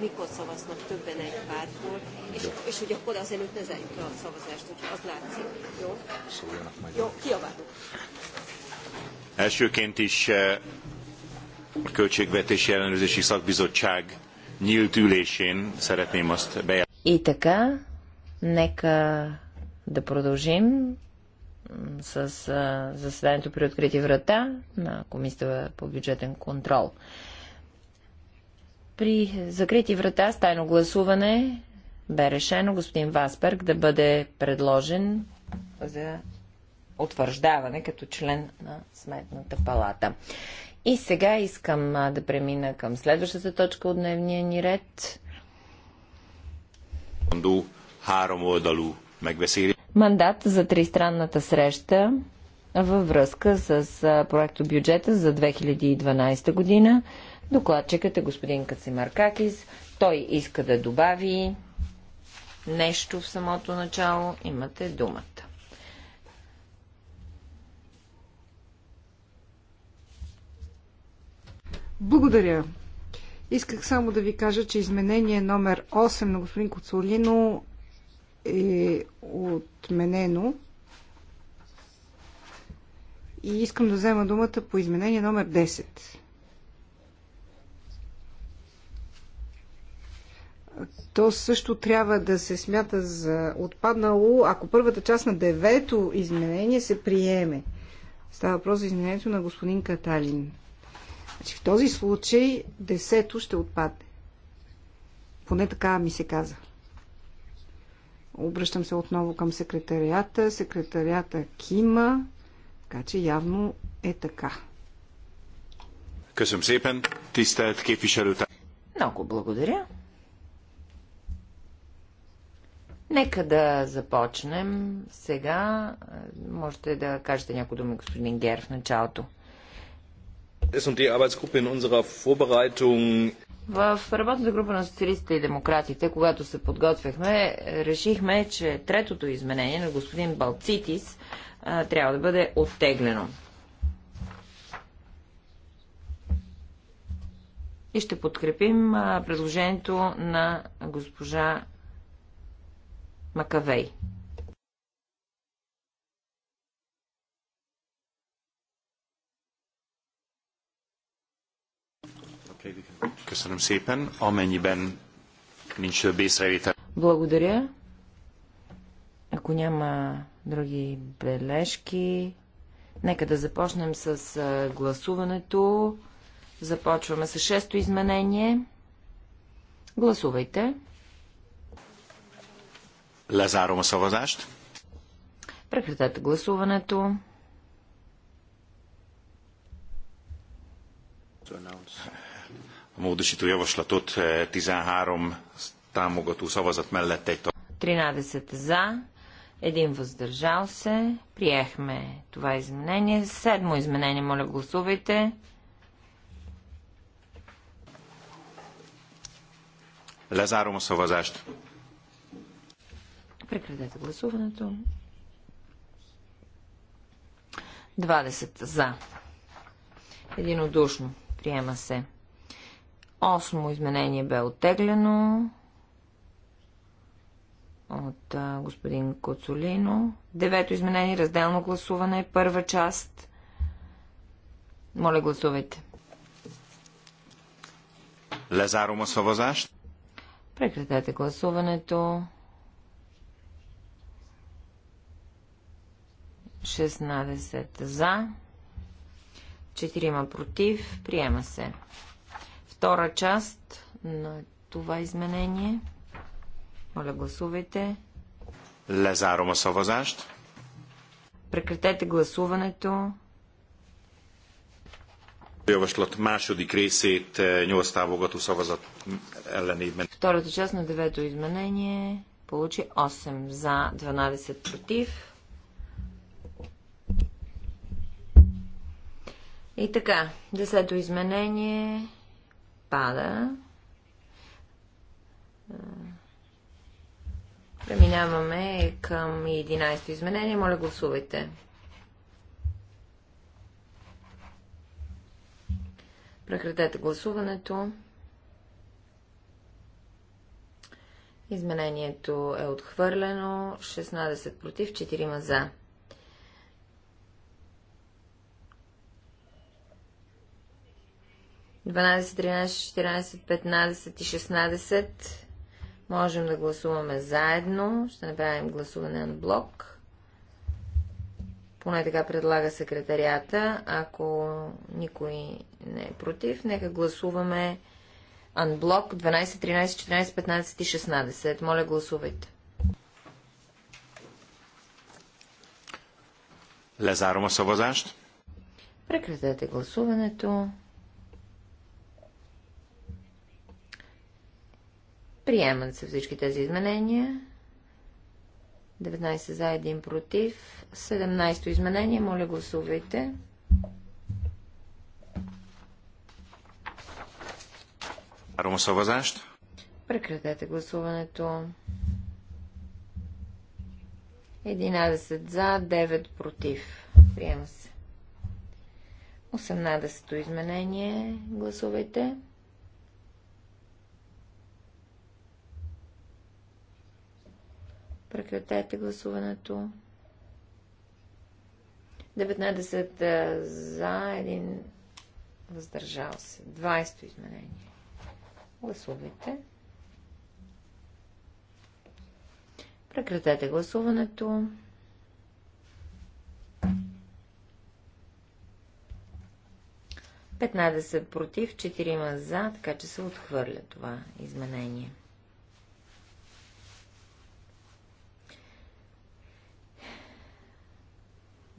mikor szavaznak többen egy pártból, és, és hogy akkor az előtt ne zárjuk le a szavazást, hogy az látszik. Jó? Szóljanak majd. Jó, kiabálok. Elsőként is a Költségvetési Ellenőrzési Szakbizottság nyílt ülésén szeretném azt bejelenteni. И така, нека да продължим с заседанието при открити врата на Комисията по бюджетен контрол. При закрити врата с тайно гласуване бе решено господин Васберг да бъде предложен за утвърждаване като член на Сметната палата. И сега искам да премина към следващата точка от дневния ни ред. Мандат за тристранната среща във връзка с проекто бюджета за 2012 година Докладчикът е господин Кацимаркакис. Той иска да добави нещо в самото начало. Имате думата. Благодаря. Исках само да ви кажа, че изменение номер 8 на господин Коцолино е отменено. И искам да взема думата по изменение номер 10. то също трябва да се смята за отпаднало, ако първата част на девето изменение се приеме. Става въпрос за изменението на господин Каталин. Значи в този случай десето ще отпадне. Поне така ми се каза. Обръщам се отново към секретарията. Секретарията кима, така че явно е така. Ти стаят Много благодаря. Нека да започнем сега. Можете да кажете някои думи, господин Гер, в началото. В работната група на социалистите и демократите, когато се подготвяхме, решихме, че третото изменение на господин Балцитис а, трябва да бъде оттеглено. И ще подкрепим а, предложението на госпожа Макавей. Köszönöm szépen. Amennyiben nincs több észrevétel. Благодаря. Ако няма други бележки, нека да започнем с гласуването. Започваме с шесто изменение. Гласувайте. Лазарома Савазащ. Прекратете гласуването. Módosítójavaslat 13 eh, támogató szavazat mellett egy 13 за, един въздържал се. Приехме това изменение. Седмо изменение, моля гласувайте. са Савазащ. Прекратете гласуването. 20 за. Единодушно. Приема се. Осмо изменение бе оттеглено от а, господин Коцолино. Девето изменение, разделно гласуване, първа част. Моля, гласувайте. Лезарома Савазащ. Прекратете гласуването. 16 за, 4 против, приема се. Втора част на това изменение. Моля, гласувайте. Лезарома Савазащ. Прекратете гласуването. Javaslat második részét 8 távogató szavazat ellenében. Втората част на девето изменение получи 8 за, 12 против. И така, десето изменение пада. Преминаваме към 11-то изменение. Моля, гласувайте. Прекратете гласуването. Изменението е отхвърлено. 16 против, 4 за. 12, 13, 14, 15 и 16. Можем да гласуваме заедно. Ще направим гласуване на блок. Поне така предлага секретарията. Ако никой не е против, нека гласуваме анблок 12, 13, 14, 15 и 16. Моля, гласувайте. Лезарома Савазащ. Прекратете гласуването. Приемат се всички тези изменения. 19 за, 1 против. 17 изменение. Моля, гласувайте. защо. Прекратете гласуването. 11 за, 9 против. Приема се. 18-то изменение. Гласувайте. Прекратете гласуването. 19 за, 1 въздържал се. 20 изменение. Гласувайте. Прекратете гласуването. Петнадесет против, 4 за, така че се отхвърля това изменение.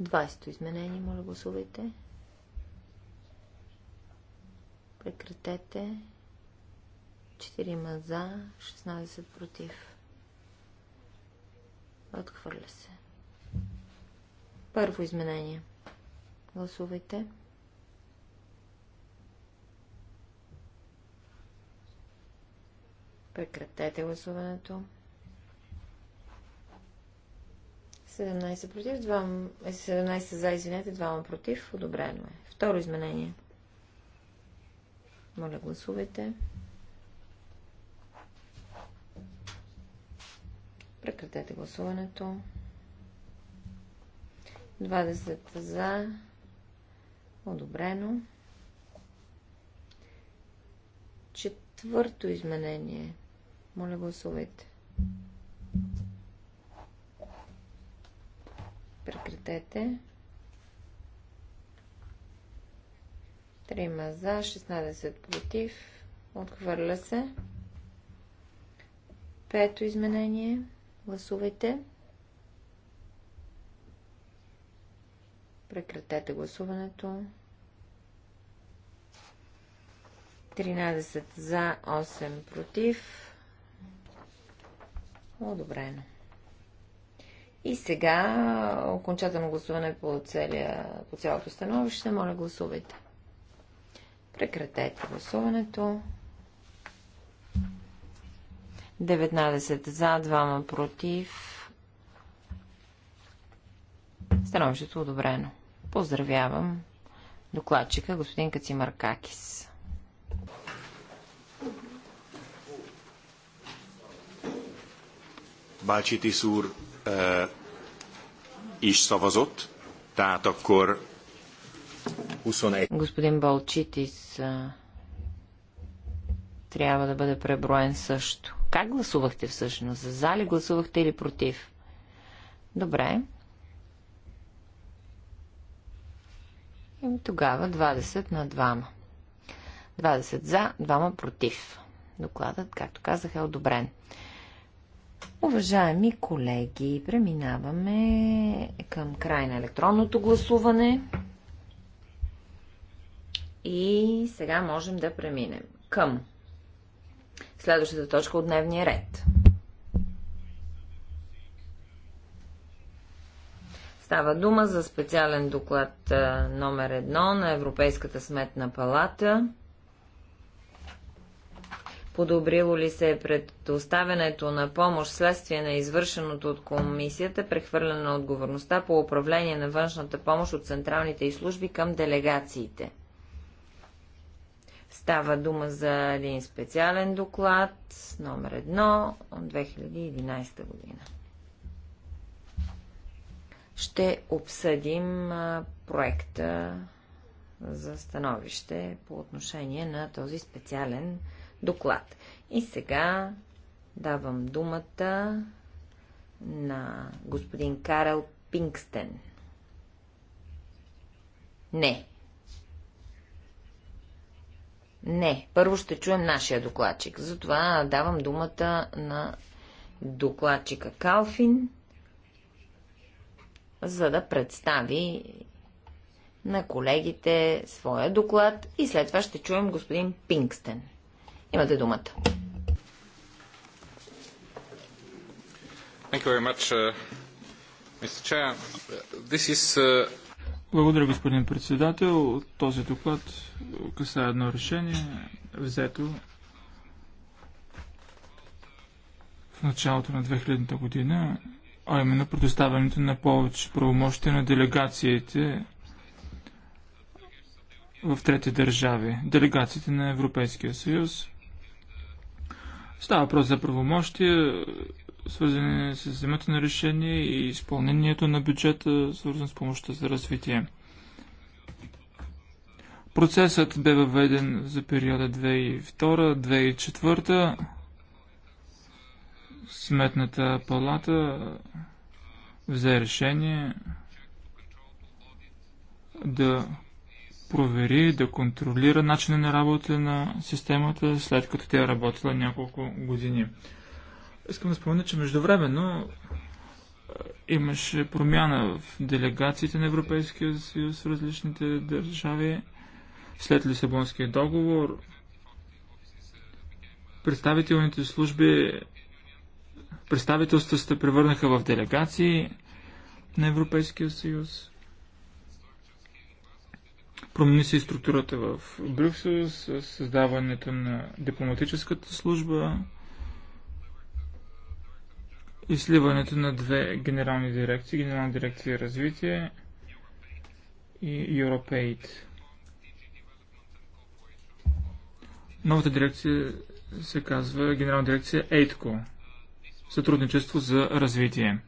20-то изменение, моля гласувайте. Прекратете. 4 за, 16 против. Отхвърля се. Първо изменение. Гласувайте. Прекратете гласуването. 17 против, 2, 17 е, за, извинете, 2 против. Одобрено е. Второ изменение. Моля, гласувайте. Прекратете гласуването. 20 за. Одобрено. Четвърто изменение. Моля, гласувайте. Thank you. Прекратете. 3 за, 16 против. Отхвърля се. Пето изменение. Гласувайте. Прекратете гласуването. 13 за, 8 против. Одобрено. И сега окончателно гласуване по, целия, по цялото становище. Моля, гласувайте. Прекратете гласуването. 19 за, 2 против. Становището е одобрено. Поздравявам докладчика господин Кацимаркакис. Бачите Сур is szavazott, tehát akkor 21. Господин Балчитис трябва да бъде преброен също. Как гласувахте всъщност? За зали гласувахте или против? Добре. И тогава 20 на 2. 20 за, 2 против. Докладът, както казах, е одобрен. Уважаеми колеги, преминаваме към край на електронното гласуване. И сега можем да преминем към следващата точка от дневния ред. Става дума за специален доклад номер едно на Европейската сметна палата Подобрило ли се е предоставянето на помощ следствие на извършеното от комисията, прехвърляне на отговорността по управление на външната помощ от централните и служби към делегациите? Става дума за един специален доклад, номер едно от 2011 година. Ще обсъдим проекта за становище по отношение на този специален доклад доклад. И сега давам думата на господин Карел Пинкстен. Не. Не. Първо ще чуем нашия докладчик. Затова давам думата на докладчика Калфин, за да представи на колегите своя доклад и след това ще чуем господин Пинкстен. Имате думата. Uh, uh, Благодаря, господин председател. Този доклад касае едно решение, взето в началото на 2000-та година, а именно предоставянето на повече правомощия на делегациите в трети държави, делегациите на Европейския съюз, Става въпрос за правомощия, свързани с вземането на решение и изпълнението на бюджета, свързан с помощта за развитие. Процесът бе въведен за периода 2002-2004. Сметната палата взе решение да провери, да контролира начина на работа на системата, след като тя е работила няколко години. Искам да спомена, че междувременно е, имаше промяна в делегациите на Европейския съюз в различните държави. След Лисабонския договор представителните служби представителствата се превърнаха в делегации на Европейския съюз. Промени се и структурата в Брюксел с създаването на дипломатическата служба и сливането на две генерални дирекции, Генерална дирекция развитие и Европейт. Новата дирекция се казва Генерална дирекция ЕЙТКО сътрудничество за развитие.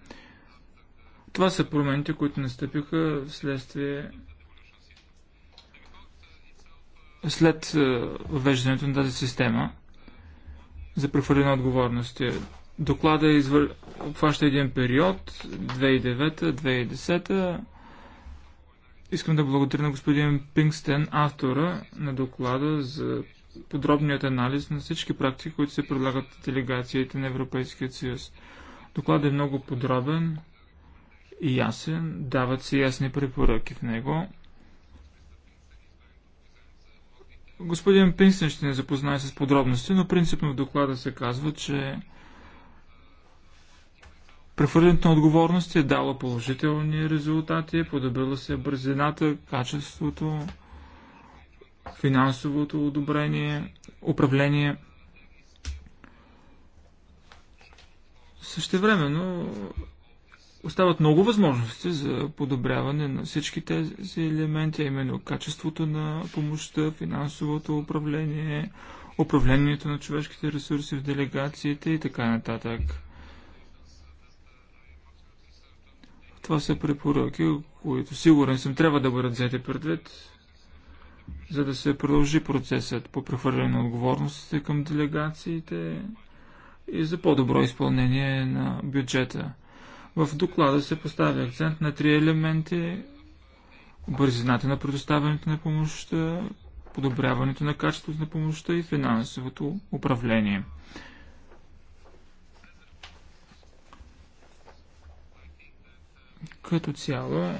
Това са промените, които настъпиха вследствие след е, въвеждането на тази система за прехвърлена отговорности. Доклада извър... обхваща един период 2009-2010. Искам да благодаря на господин Пингстен, автора на доклада за подробният анализ на всички практики, които се предлагат от делегациите на Европейския съюз. Докладът е много подробен и ясен, дават се ясни препоръки в него. Господин Пинсен ще не запознае с подробности, но принципно в доклада се казва, че прехвърлянето на отговорности е дала положителни резултати, подобрила се бързината, качеството, финансовото одобрение, управление. Същевременно Остават много възможности за подобряване на всички тези елементи, именно качеството на помощта, финансовото управление, управлението на човешките ресурси в делегациите и така нататък. Това са препоръки, които сигурен съм трябва да бъдат взети предвид, за да се продължи процесът по прехвърляне на отговорностите към делегациите и за по-добро изпълнение на бюджета. В доклада се поставя акцент на три елементи бързината на предоставянето на помощта, подобряването на качеството на помощта и финансовото управление. Като цяло,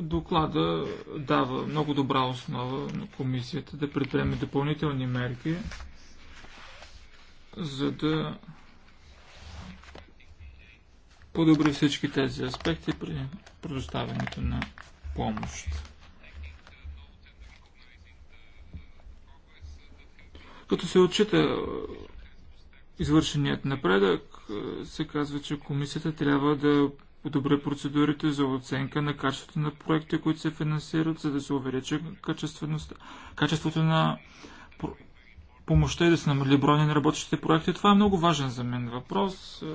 доклада дава много добра основа на комисията да предприеме допълнителни мерки за да подобри всички тези аспекти при предоставянето на помощ. Като се отчита е, извършеният напредък, е, се казва, че комисията трябва да подобри процедурите за оценка на качеството на проекти, които се финансират, за да се увеличи качеството на помощта и да се намали броя на работещите проекти. Това е много важен за мен въпрос. Е,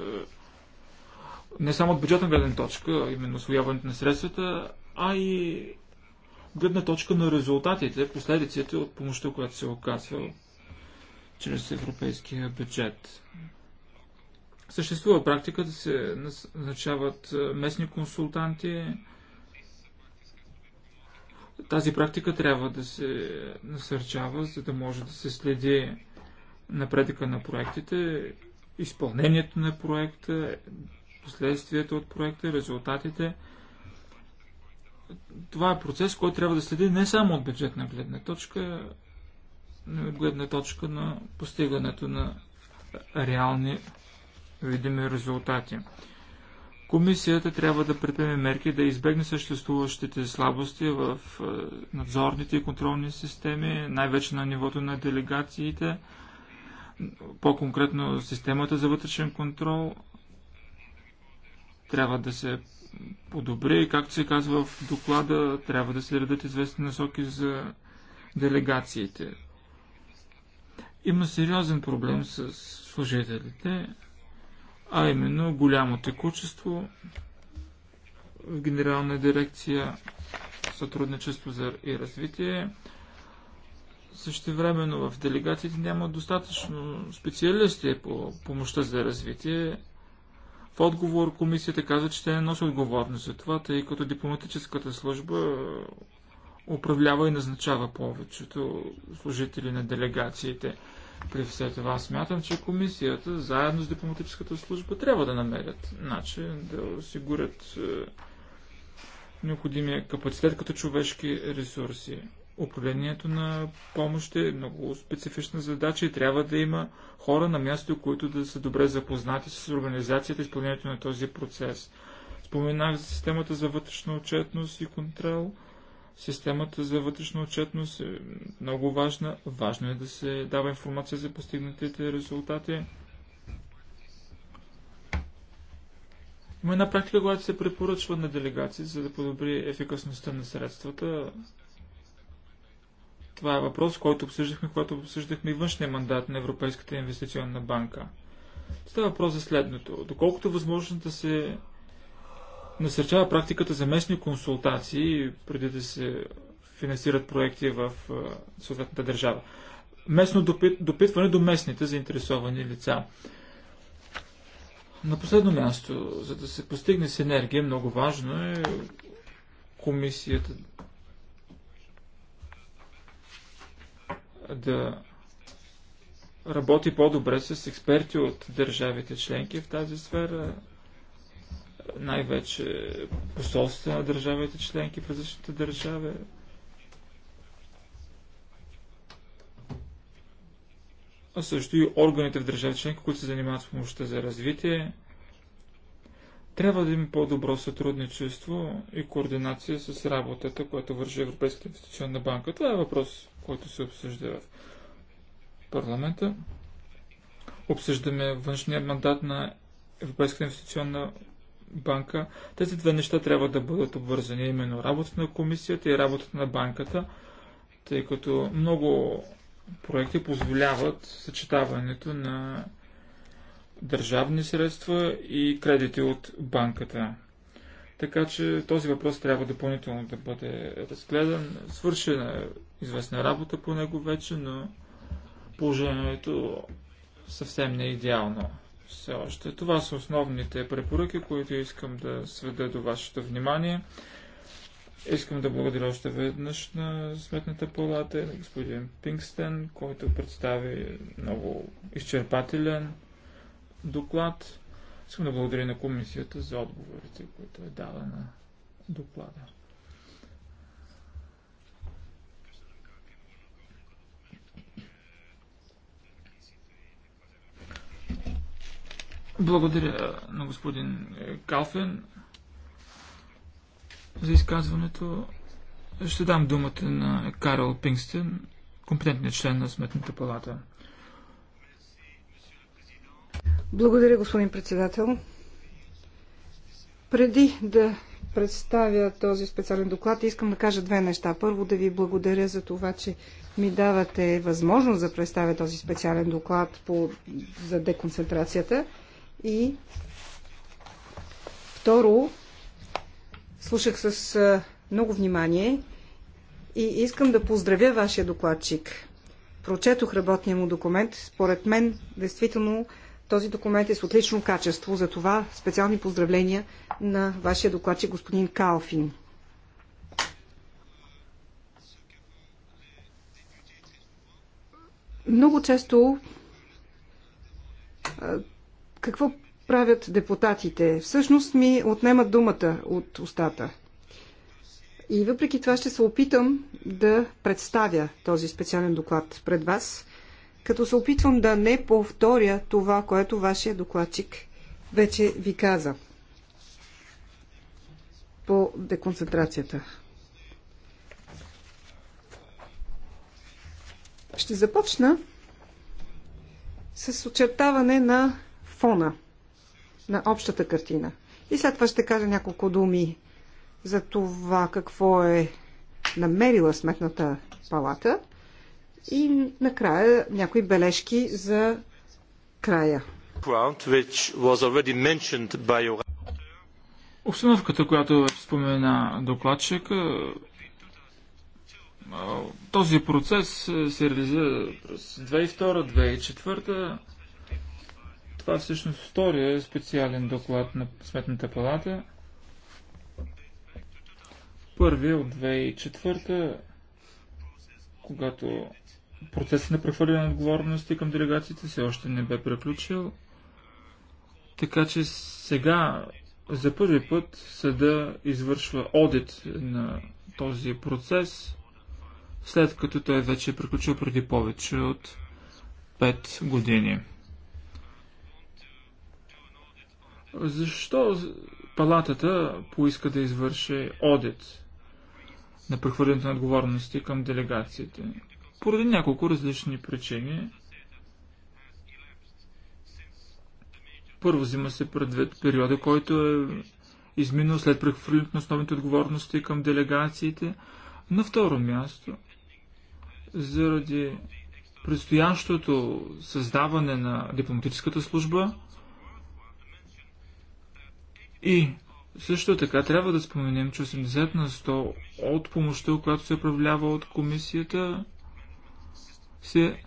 не само от бюджетна гледна точка, именно освояването на средствата, а и гледна точка на резултатите, последиците от помощта, която се оказва чрез европейския бюджет. Съществува практика да се назначават е, местни консултанти, тази практика трябва да се насърчава, за да може да се следи напредъка на проектите, изпълнението на проекта, последствията от проекта, резултатите. Това е процес, който трябва да следи не само от бюджетна гледна точка, но и от гледна точка на постигането на реални видими резултати. Комисията трябва да предприеме мерки да избегне съществуващите слабости в е, надзорните и контролни системи, най-вече на нивото на делегациите, по-конкретно системата за вътрешен контрол трябва да се подобри, както се казва в доклада, трябва да се редат известни насоки за делегациите. Има сериозен проблем с служителите, а именно голямо текучество в Генерална дирекция сътрудничество за и развитие. времено в делегациите няма достатъчно специалисти по помощта за развитие. В отговор комисията каза, че те не носи отговорност за това, тъй като дипломатическата служба управлява и назначава повечето служители на делегациите. При все това смятам, че комисията заедно с дипломатическата служба трябва да намерят начин да осигурят е, необходимия капацитет като човешки ресурси. Управлението на помощ е много специфична задача и трябва да има хора на място, които да са добре запознати с организацията и изпълнението на този процес. Споменах за системата за вътрешна отчетност и контрол – Системата за вътрешна отчетност е много важна. Важно е да се дава информация за постигнатите резултати. Има една практика, която се препоръчва на делегации, за да подобри ефикасността на средствата. Това е въпрос, който обсъждахме, когато обсъждахме и външния мандат на Европейската инвестиционна банка. Става въпрос за следното. Доколкото е възможно да се насърчава практиката за местни консултации преди да се финансират проекти в съответната държава. Местно допитване до местните заинтересовани лица. На последно място, за да се постигне синергия, много важно е комисията да работи по-добре с експерти от държавите членки в тази сфера, най-вече посолства на държавите членки в различните държави. А също и органите в държави членки, които се занимават с помощта за развитие. Трябва да има по-добро сътрудничество и координация с работата, която върши Европейската инвестиционна банка. Това е въпрос, който се обсъжда в парламента. Обсъждаме външния мандат на Европейската инвестиционна банка. Тези две неща трябва да бъдат обвързани, именно работата на комисията и работата на банката, тъй като много проекти позволяват съчетаването на държавни средства и кредити от банката. Така че този въпрос трябва допълнително да бъде разгледан. Свършена е известна работа по него вече, но положението съвсем не е идеално все още. Това са основните препоръки, които искам да сведа до вашето внимание. Искам да благодаря още веднъж на Сметната палата и на господин Пингстен, който представи много изчерпателен доклад. Искам да благодаря на комисията за отговорите, които е дала на доклада. Благодаря на господин е, Калфен за изказването. Ще дам думата на Карл Пингстен, компетентният член на Сметната палата. Благодаря, господин председател. Преди да представя този специален доклад, искам да кажа две неща. Първо да ви благодаря за това, че ми давате възможност да представя този специален доклад по, за деконцентрацията. И второ, слушах с много внимание и искам да поздравя вашия докладчик. Прочетох работния му документ. Според мен, действително, този документ е с отлично качество. За това специални поздравления на вашия докладчик господин Калфин. Много често какво правят депутатите? Всъщност ми отнемат думата от устата. И въпреки това ще се опитам да представя този специален доклад пред вас, като се опитвам да не повторя това, което вашия докладчик вече ви каза по деконцентрацията. Ще започна с очертаване на фона на общата картина. И след това ще кажа няколко думи за това какво е намерила сметната палата и накрая някои бележки за края. Обстановката, която спомена докладчик, този процес се реализира през 2002-2004 това е всъщност втория специален доклад на Сметната палата. Първия от 2004, когато процесът на прехвърляне на отговорности към делегациите все още не бе приключил. Така че сега за първи път съда извършва одит на този процес, след като той вече е приключил преди повече от 5 години. Защо палатата поиска да извърши одит на прехвърлянето на отговорности към делегациите? Поради няколко различни причини. Първо взима се предвид периода, който е изминал след прехвърлянето на основните отговорности към делегациите. На второ място, заради предстоящото създаване на дипломатическата служба – и също така трябва да споменем, че 80 на 100 от помощта, която се управлява от комисията, се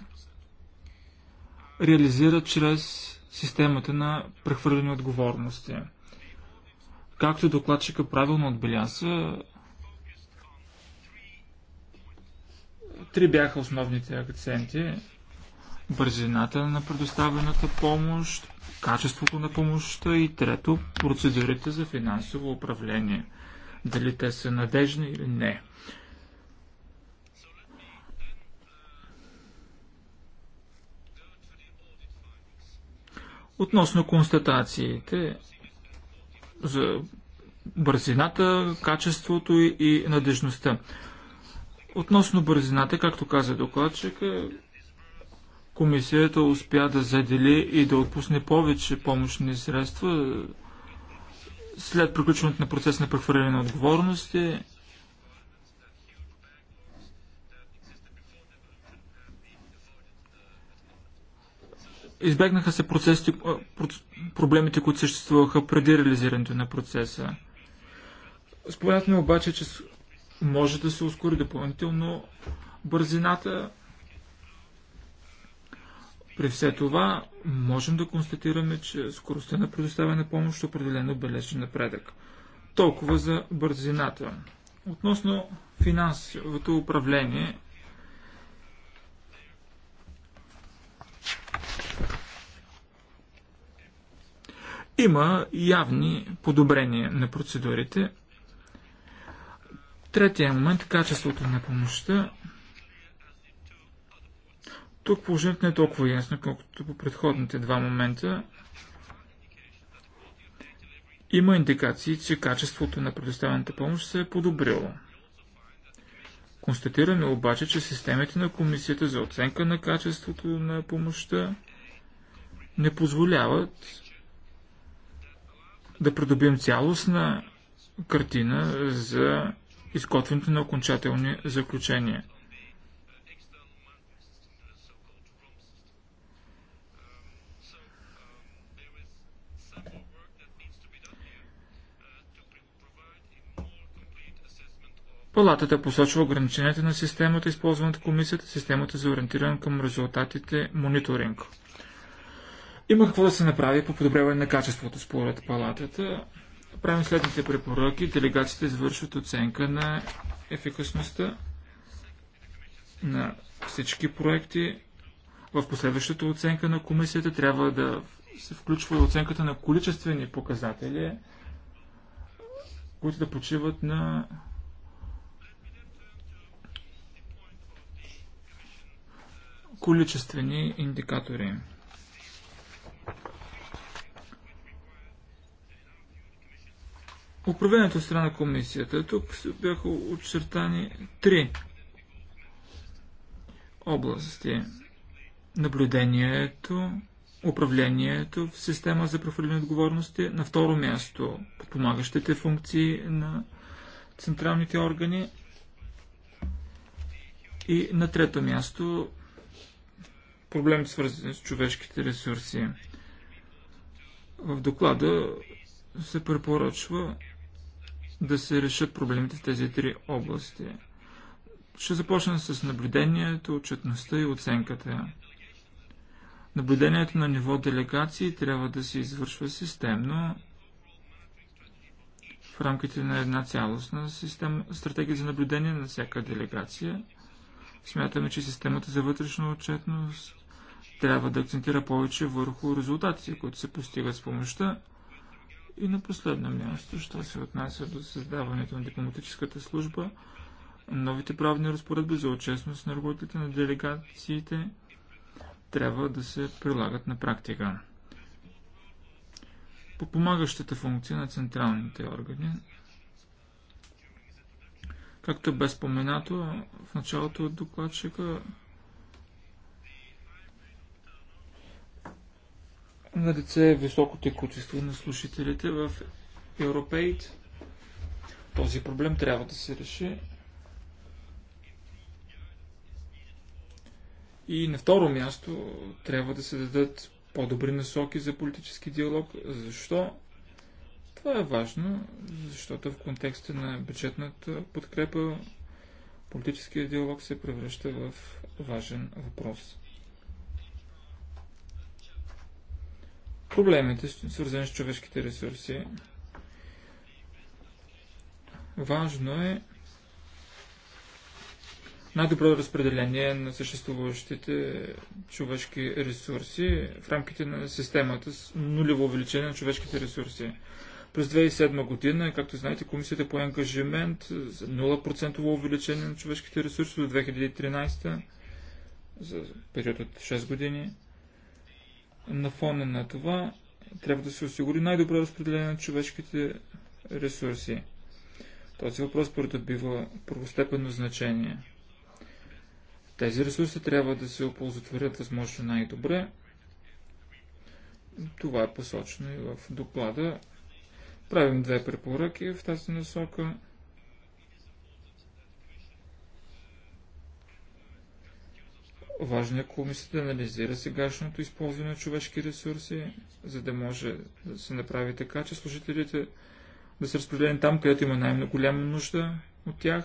реализира чрез системата на прехвърлени отговорности. Както докладчика правилно отбеляза, три бяха основните акценти. Бързината на предоставената помощ, качеството на помощта и трето процедурите за финансово управление. Дали те са надежни или не. Относно констатациите за бързината, качеството и надежността. Относно бързината, както каза докладчика, Комисията успя да задели и да отпусне повече помощни средства след приключването на процес на прехвърляне на отговорности. Избегнаха се процесите, проблемите, които съществуваха преди реализирането на процеса. Споменахме обаче, че може да се ускори допълнително бързината при все това можем да констатираме, че скоростта на на помощ определено бележи напредък. Толкова за бързината. Относно финансовото управление, има явни подобрения на процедурите. Третия момент – качеството на помощта. Тук положението не е толкова ясно, колкото по предходните два момента. Има индикации, че качеството на предоставената помощ се е подобрило. Констатираме обаче, че системите на Комисията за оценка на качеството на помощта не позволяват да придобием цялостна картина за изготвянето на окончателни заключения. Палатата посочва ограниченията на системата, използваната от комисията, системата за ориентиране към резултатите, мониторинг. Има какво да се направи по подобряване на качеството според палатата. Правим следните препоръки. Делегациите извършват оценка на ефикасността на всички проекти. В последващата оценка на комисията трябва да се включва оценката на количествени показатели, които да почиват на количествени индикатори. Управлението от страна на комисията. Тук бяха очертани три области. Наблюдението, управлението в система за профилирани отговорности. На второ място подпомагащите функции на централните органи. И на трето място проблем свързан с човешките ресурси. В доклада се препоръчва да се решат проблемите в тези три области. Ще започна с наблюдението, отчетността и оценката. Наблюдението на ниво делегации трябва да се извършва системно в рамките на една цялостна система, стратегия за наблюдение на всяка делегация. Смятаме, че системата за вътрешна отчетност трябва да акцентира повече върху резултатите, които се постигат с помощта. И на последно място, що се отнася до създаването на дипломатическата служба, новите правни разпоредби за отчестност на работите на делегациите трябва да се прилагат на практика. Попомагащата функция на централните органи Както е бе споменато в началото от докладчика, На деца е високо текучество на слушателите в Европейт. Този проблем трябва да се реши. И на второ място трябва да се дадат по-добри насоки за политически диалог. Защо? Това е важно, защото в контекста на бюджетната подкрепа политическия диалог се превръща в важен въпрос. проблемите, свързани с човешките ресурси. Важно е най-добро разпределение на съществуващите човешки ресурси в рамките на системата с нулево увеличение на човешките ресурси. През 2007 година, както знаете, комисията по ангажимент за 0% увеличение на човешките ресурси до 2013 за период от 6 години. На фона на това трябва да се осигури най-добро разпределение на човешките ресурси. Този въпрос придобива първостепенно значение. Тези ресурси трябва да се оползотворят възможно най-добре. Това е посочено и в доклада. Правим две препоръки в тази насока. Важно е комисията да анализира сегашното използване на човешки ресурси, за да може да се направи така, че служителите да са разпределени там, където има най-голяма нужда от тях,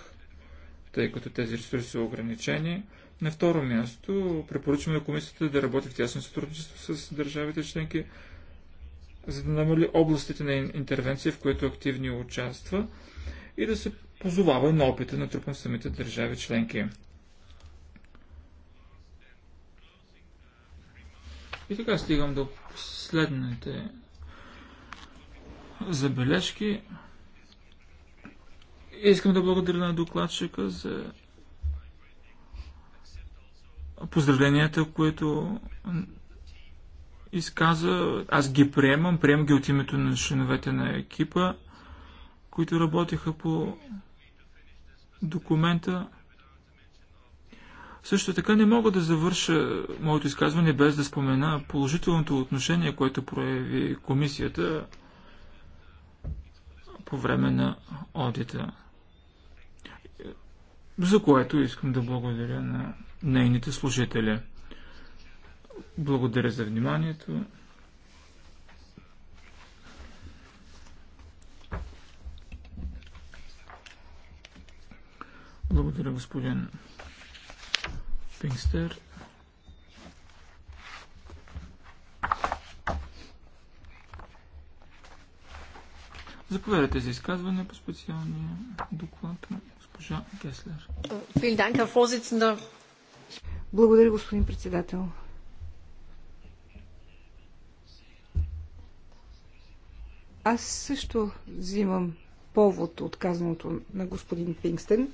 тъй като тези ресурси са ограничени. На второ място, препоръчваме на комисията да работи в тясно сътрудничество с държавите членки, за да намали областите на интервенция, в които активни участва и да се позовава на опита на трупан самите държави членки. И така стигам до последните забележки. Искам да благодаря на докладчика за поздравленията, които изказа. Аз ги приемам, приемам ги от името на членовете на екипа, които работиха по документа. Също така не мога да завърша моето изказване без да спомена положителното отношение, което прояви комисията по време на одита, за което искам да благодаря на нейните служители. Благодаря за вниманието. Благодаря, господин Пингстер. Заповядайте за изказване по специалния доклад на госпожа Геслер. Благодаря, господин председател. Аз също взимам повод от казаното на господин Пинкстен.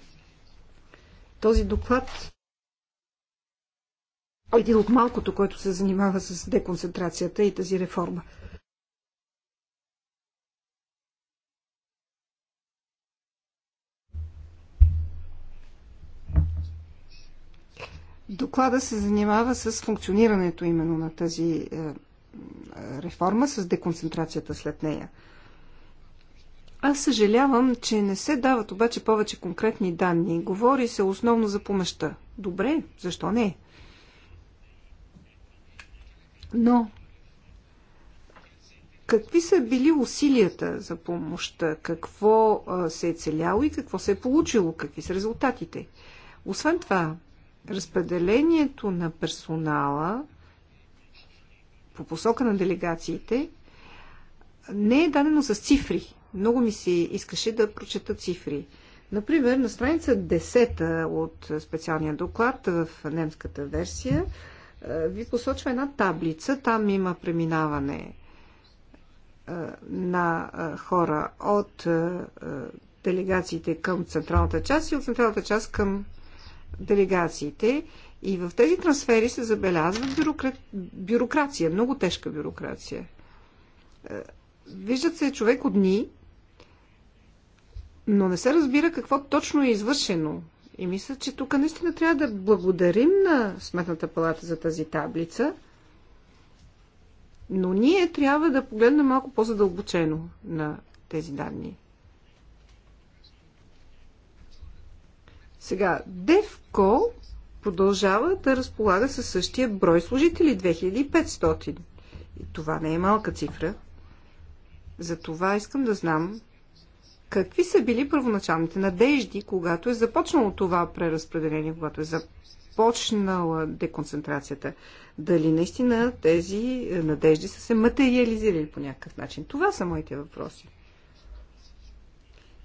Този доклад един от малкото, който се занимава с деконцентрацията и тази реформа. Доклада се занимава с функционирането именно на тази е, реформа, с деконцентрацията след нея. Аз съжалявам, че не се дават обаче повече конкретни данни. Говори се основно за помеща. Добре, защо не? Но какви са били усилията за помощта? Какво се е целяло и какво се е получило? Какви са резултатите? Освен това, разпределението на персонала по посока на делегациите не е дадено с цифри. Много ми се искаше да прочета цифри. Например, на страница 10 от специалния доклад в немската версия ви посочва една таблица. Там има преминаване е, на е, хора от е, делегациите към централната част и от централната част към делегациите. И в тези трансфери се забелязва бюрокра... бюрокрация, много тежка бюрокрация. Виждат се човек от дни, но не се разбира какво точно е извършено. И мисля, че тук наистина трябва да благодарим на Сметната палата за тази таблица, но ние трябва да погледнем малко по-задълбочено на тези данни. Сега, Девко продължава да разполага със същия брой служители 2500. И това не е малка цифра. Затова искам да знам Какви са били първоначалните надежди, когато е започнало това преразпределение, когато е започнала деконцентрацията? Дали наистина тези надежди са се материализирали по някакъв начин? Това са моите въпроси.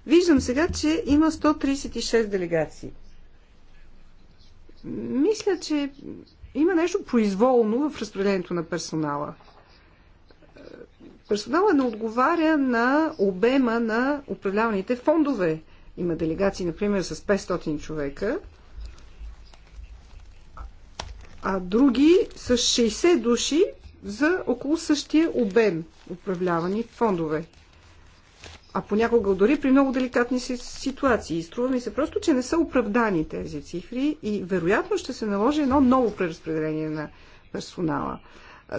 Виждам сега, че има 136 делегации. Мисля, че има нещо произволно в разпределението на персонала. Персонала не отговаря на обема на управляваните фондове. Има делегации, например, с 500 човека, а други с 60 души за около същия обем управлявани фондове. А понякога дори при много деликатни ситуации. Струва ми се просто, че не са оправдани тези цифри и вероятно ще се наложи едно ново преразпределение на персонала.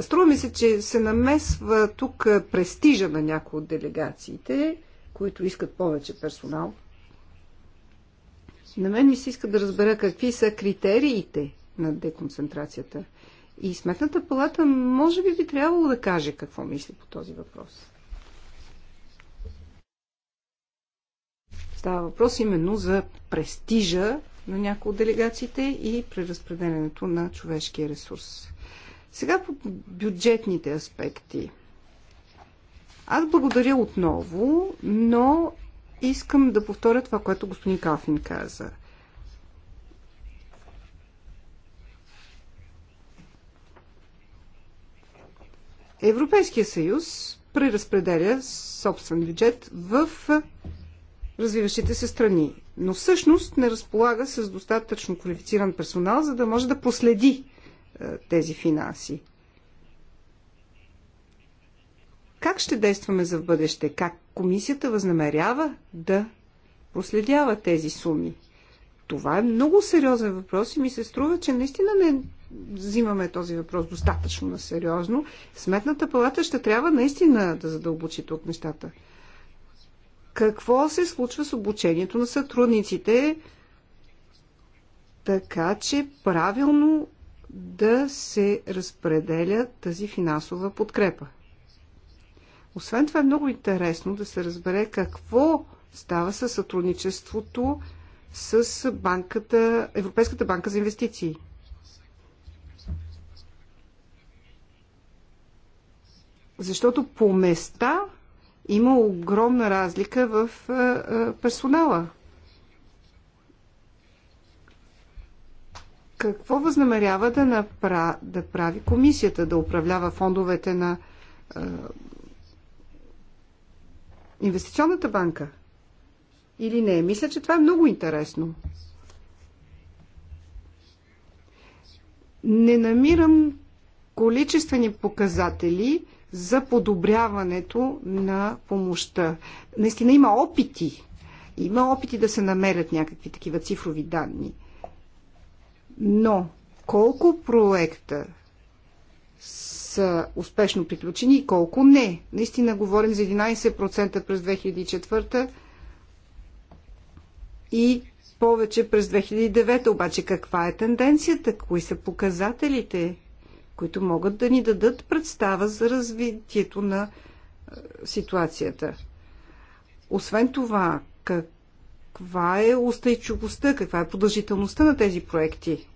Струва ми се, че се намесва тук престижа на някои от делегациите, които искат повече персонал. На мен ми се иска да разбера какви са критериите на деконцентрацията. И Сметната палата може би би трябвало да каже какво мисли по този въпрос. Става въпрос именно за престижа на някои от делегациите и преразпределенето на човешкия ресурс. Сега по бюджетните аспекти. Аз благодаря отново, но искам да повторя това, което господин Калфин каза. Европейския съюз преразпределя собствен бюджет в развиващите се страни, но всъщност не разполага с достатъчно квалифициран персонал, за да може да проследи е, тези финанси. Как ще действаме за в бъдеще? Как комисията възнамерява да проследява тези суми? Това е много сериозен въпрос и ми се струва, че наистина не взимаме този въпрос достатъчно на сериозно. Сметната палата ще трябва наистина да задълбочи тук нещата. Какво се случва с обучението на сътрудниците, така че правилно да се разпределя тази финансова подкрепа. Освен това е много интересно да се разбере какво става със сътрудничеството с банката, Европейската банка за инвестиции. Защото по места има огромна разлика в е, е, персонала, Какво възнамерява да, напра... да прави комисията, да управлява фондовете на е, инвестиционната банка? Или не? Мисля, че това е много интересно. Не намирам количествени показатели за подобряването на помощта. Наистина има опити. Има опити да се намерят някакви такива цифрови данни – но колко проекта са успешно приключени и колко не? Наистина говорим за 11% през 2004 и повече през 2009. Обаче каква е тенденцията? Кои са показателите, които могат да ни дадат представа за развитието на е, ситуацията? Освен това, каква е устойчивостта, каква е продължителността на тези проекти?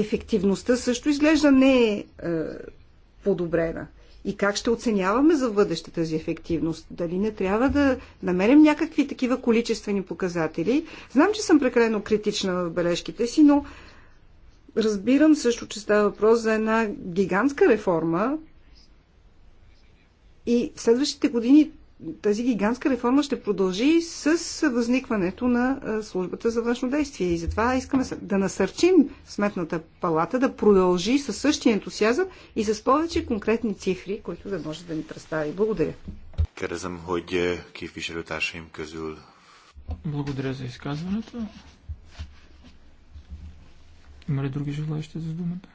ефективността също изглежда не е, е, подобрена. И как ще оценяваме за бъдеще тази ефективност? Дали не трябва да намерим някакви такива количествени показатели? Знам, че съм прекалено критична в бележките си, но разбирам също, че става въпрос за една гигантска реформа и в следващите години тази гигантска реформа ще продължи с възникването на службата за външно действие. И затова искаме да насърчим Сметната палата да продължи със същия ентусиазъм и с повече конкретни цифри, които да може да ни представи. Благодаря. Благодаря за изказването. Има ли други желаящи за думата?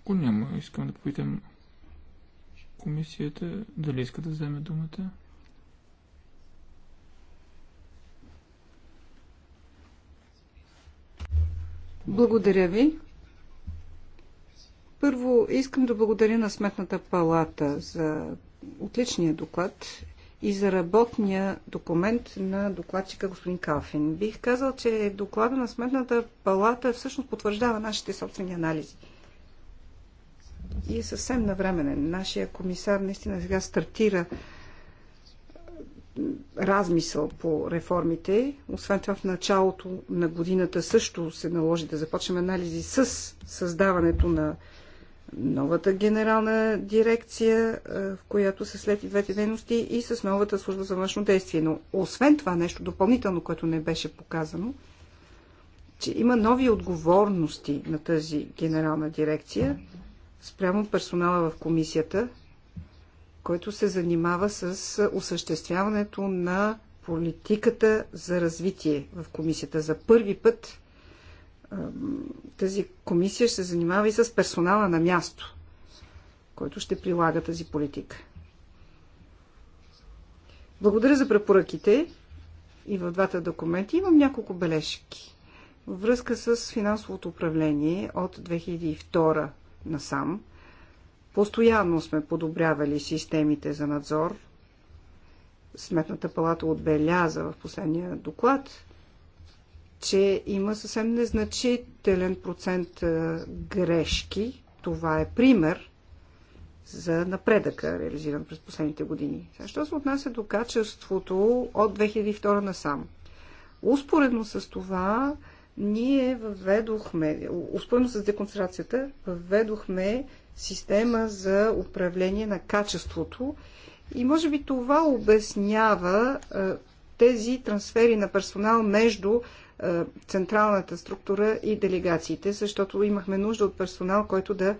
Ако няма, искам да попитам комисията дали иска да вземе думата. Благодаря ви. Първо искам да благодаря на Сметната палата за отличния доклад и за работния документ на докладчика господин Калфин. Бих казал, че доклада на Сметната палата всъщност потвърждава нашите собствени анализи и е съвсем навременен. Нашия комисар наистина сега стартира размисъл по реформите. Освен това в началото на годината също се наложи да започнем анализи с създаването на новата генерална дирекция, е, в която са след и двете дейности и с новата служба за външно действие. Но освен това нещо допълнително, което не беше показано, че има нови отговорности на тази генерална дирекция, спрямо персонала в комисията, който се занимава с осъществяването на политиката за развитие в комисията. За първи път тази комисия ще се занимава и с персонала на място, който ще прилага тази политика. Благодаря за препоръките и в двата документа имам няколко бележки. Във връзка с финансовото управление от 2002 насам. Постоянно сме подобрявали системите за надзор. Сметната палата отбеляза в последния доклад, че има съвсем незначителен процент грешки. Това е пример за напредъка, реализиран през последните години. Защо се отнася до качеството от 2002 насам? Успоредно с това ние въведохме, успоено с деконцентрацията, въведохме система за управление на качеството и може би това обяснява е, тези трансфери на персонал между е, централната структура и делегациите, защото имахме нужда от персонал, който да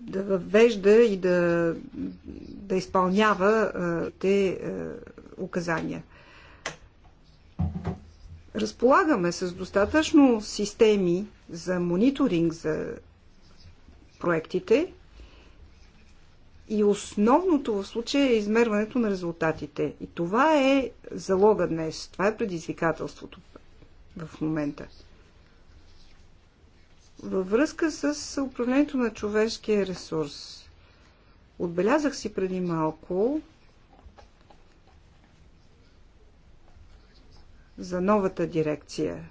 да въвежда и да, да изпълнява е, те указания разполагаме с достатъчно системи за мониторинг за проектите и основното в случая е измерването на резултатите. И това е залога днес, това е предизвикателството в момента. Във връзка с управлението на човешкия ресурс, отбелязах си преди малко, за новата дирекция.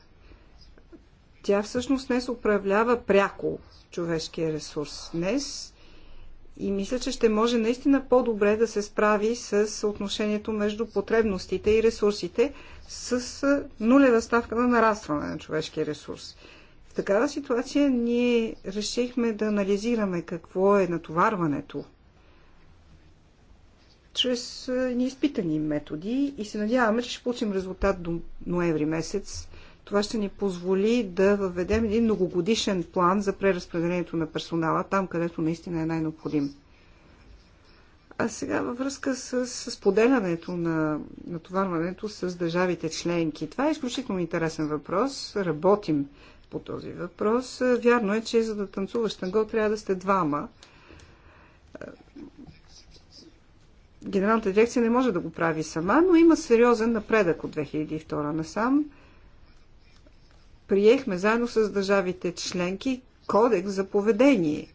Тя всъщност днес управлява пряко човешкия ресурс днес и мисля, че ще може наистина по-добре да се справи с отношението между потребностите и ресурсите с нулева ставка на нарастване на човешкия ресурс. В такава ситуация ние решихме да анализираме какво е натоварването чрез е, неизпитани методи и се надяваме, че ще получим резултат до ноември месец. Това ще ни позволи да въведем един многогодишен план за преразпределението на персонала там, където наистина е най-необходим. А сега във връзка с, с поделянето на натоварването с държавите членки. Това е изключително интересен въпрос. Работим по този въпрос. Вярно е, че за да танцуваш танго трябва да сте двама. Генералната дирекция не може да го прави сама, но има сериозен напредък от 2002 насам. Приехме заедно с държавите членки кодекс за поведение.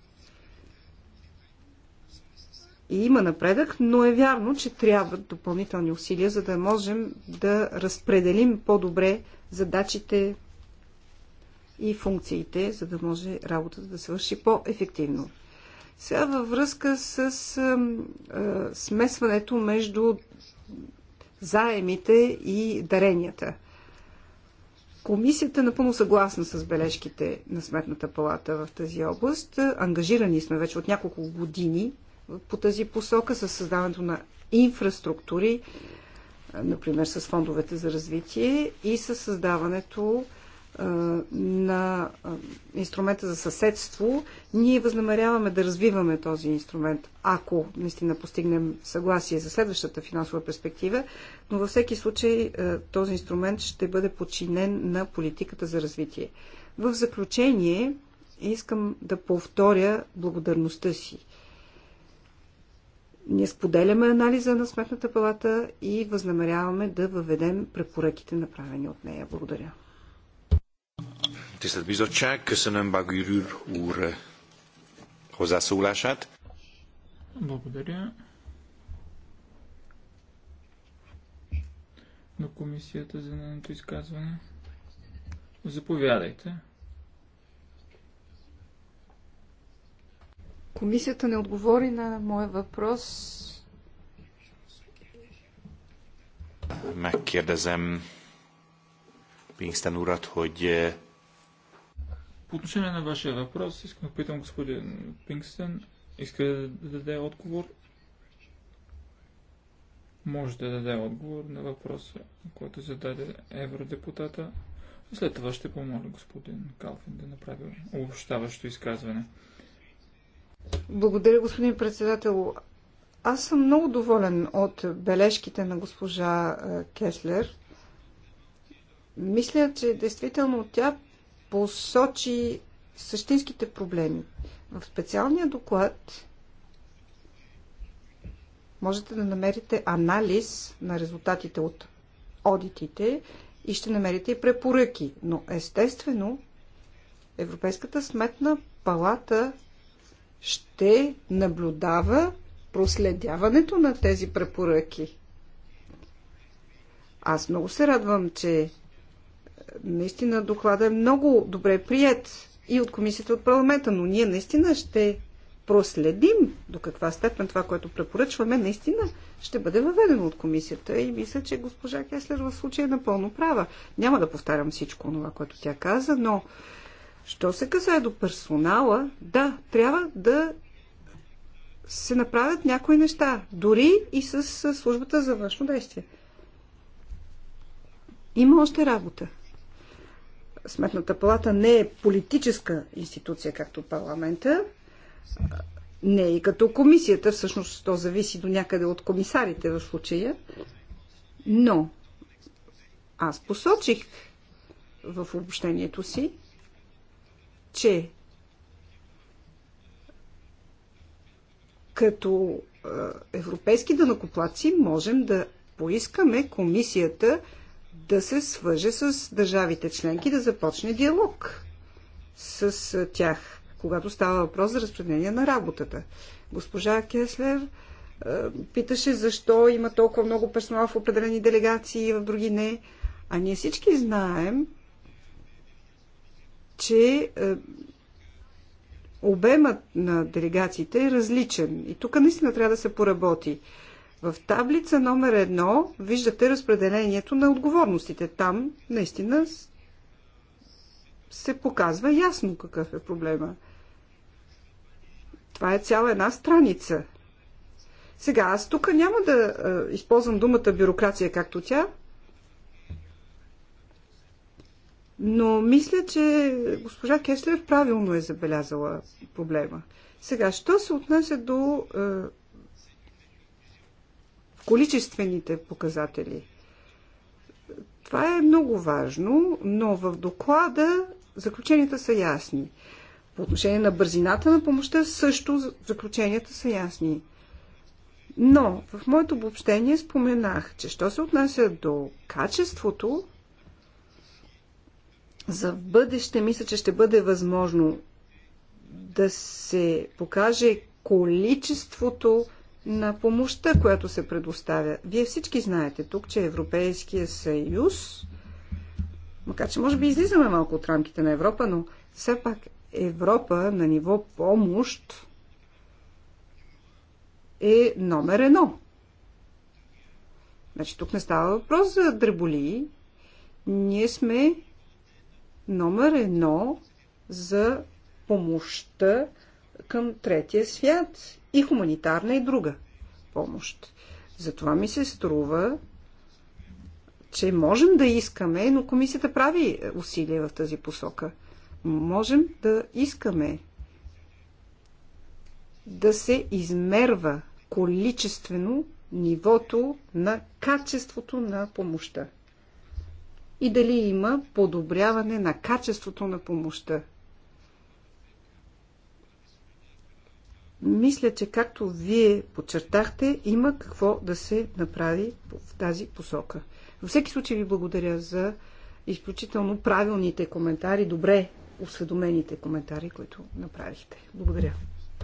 И има напредък, но е вярно, че трябват допълнителни усилия, за да можем да разпределим по-добре задачите и функциите, за да може работата да се върши по-ефективно. Сега във връзка с а, а, смесването между заемите и даренията. Комисията е напълно съгласна с бележките на Сметната палата в тази област. Ангажирани сме вече от няколко години по тази посока с създаването на инфраструктури, например с фондовете за развитие и с създаването а, на инструмента за съседство, ние възнамеряваме да развиваме този инструмент, ако наистина постигнем съгласие за следващата финансова перспектива, но във всеки случай този инструмент ще бъде подчинен на политиката за развитие. В заключение искам да повторя благодарността си. Ние споделяме анализа на Сметната палата и възнамеряваме да въведем препоръките, направени от нея. Благодаря. Tisztelt Bizottság, köszönöm Bagűr úr hozzászólását. на комисията за нейното изказване. Заповядайте. Комисията не отговори на моя въпрос. Megkérdezem Pinkston urat, hogy по отношение на вашия въпрос, искам да питам господин Пингстен, иска да даде отговор? Може да даде отговор на въпроса, който зададе евродепутата. След това ще помоля господин Калфин да направи обобщаващо изказване. Благодаря, господин председател. Аз съм много доволен от бележките на госпожа е, Кеслер. Мисля, че действително тя посочи същинските проблеми. В специалния доклад можете да намерите анализ на резултатите от одитите и ще намерите и препоръки. Но естествено, Европейската сметна палата ще наблюдава проследяването на тези препоръки. Аз много се радвам, че наистина доклада е много добре прият и от комисията от парламента, но ние наистина ще проследим до каква степен това, което препоръчваме, наистина ще бъде въведено от комисията. И мисля, че госпожа Кеслер в случая е напълно права. Няма да повтарям всичко това, което тя каза, но що се касае до персонала, да, трябва да се направят някои неща, дори и с службата за външно действие. Има още работа. Сметната палата не е политическа институция, както парламента, не е и като комисията, всъщност то зависи до някъде от комисарите в случая, но аз посочих в обобщението си, че като европейски данакоплаци можем да поискаме комисията да се свърже с държавите членки, да започне диалог с тях, когато става въпрос за разпределение на работата. Госпожа Кеслер питаше защо има толкова много персонал в определени делегации, в други не. А ние всички знаем, че обемът на делегациите е различен. И тук наистина трябва да се поработи. В таблица номер едно виждате разпределението на отговорностите. Там наистина се показва ясно какъв е проблема. Това е цяла една страница. Сега, аз тук няма да използвам думата бюрокрация както тя, но мисля, че госпожа Кеслер правилно е забелязала проблема. Сега, що се отнася до количествените показатели. Това е много важно, но в доклада заключенията са ясни. По отношение на бързината на помощта също заключенията са ясни. Но в моето обобщение споменах, че що се отнася до качеството, за бъдеще мисля, че ще бъде възможно да се покаже количеството на помощта, която се предоставя. Вие всички знаете тук, че Европейския съюз, макар че може би излизаме малко от рамките на Европа, но все пак Европа на ниво помощ е номер едно. Значи тук не става въпрос за дреболии. Ние сме номер едно за помощта към третия свят и хуманитарна и друга помощ. Затова ми се струва, че можем да искаме, но комисията прави усилия в тази посока. Можем да искаме да се измерва количествено нивото на качеството на помощта. И дали има подобряване на качеството на помощта. Мисля, че както вие подчертахте, има какво да се направи в тази посока. Във всеки случай ви благодаря за изключително правилните коментари, добре осведомените коментари, които направихте. Благодаря.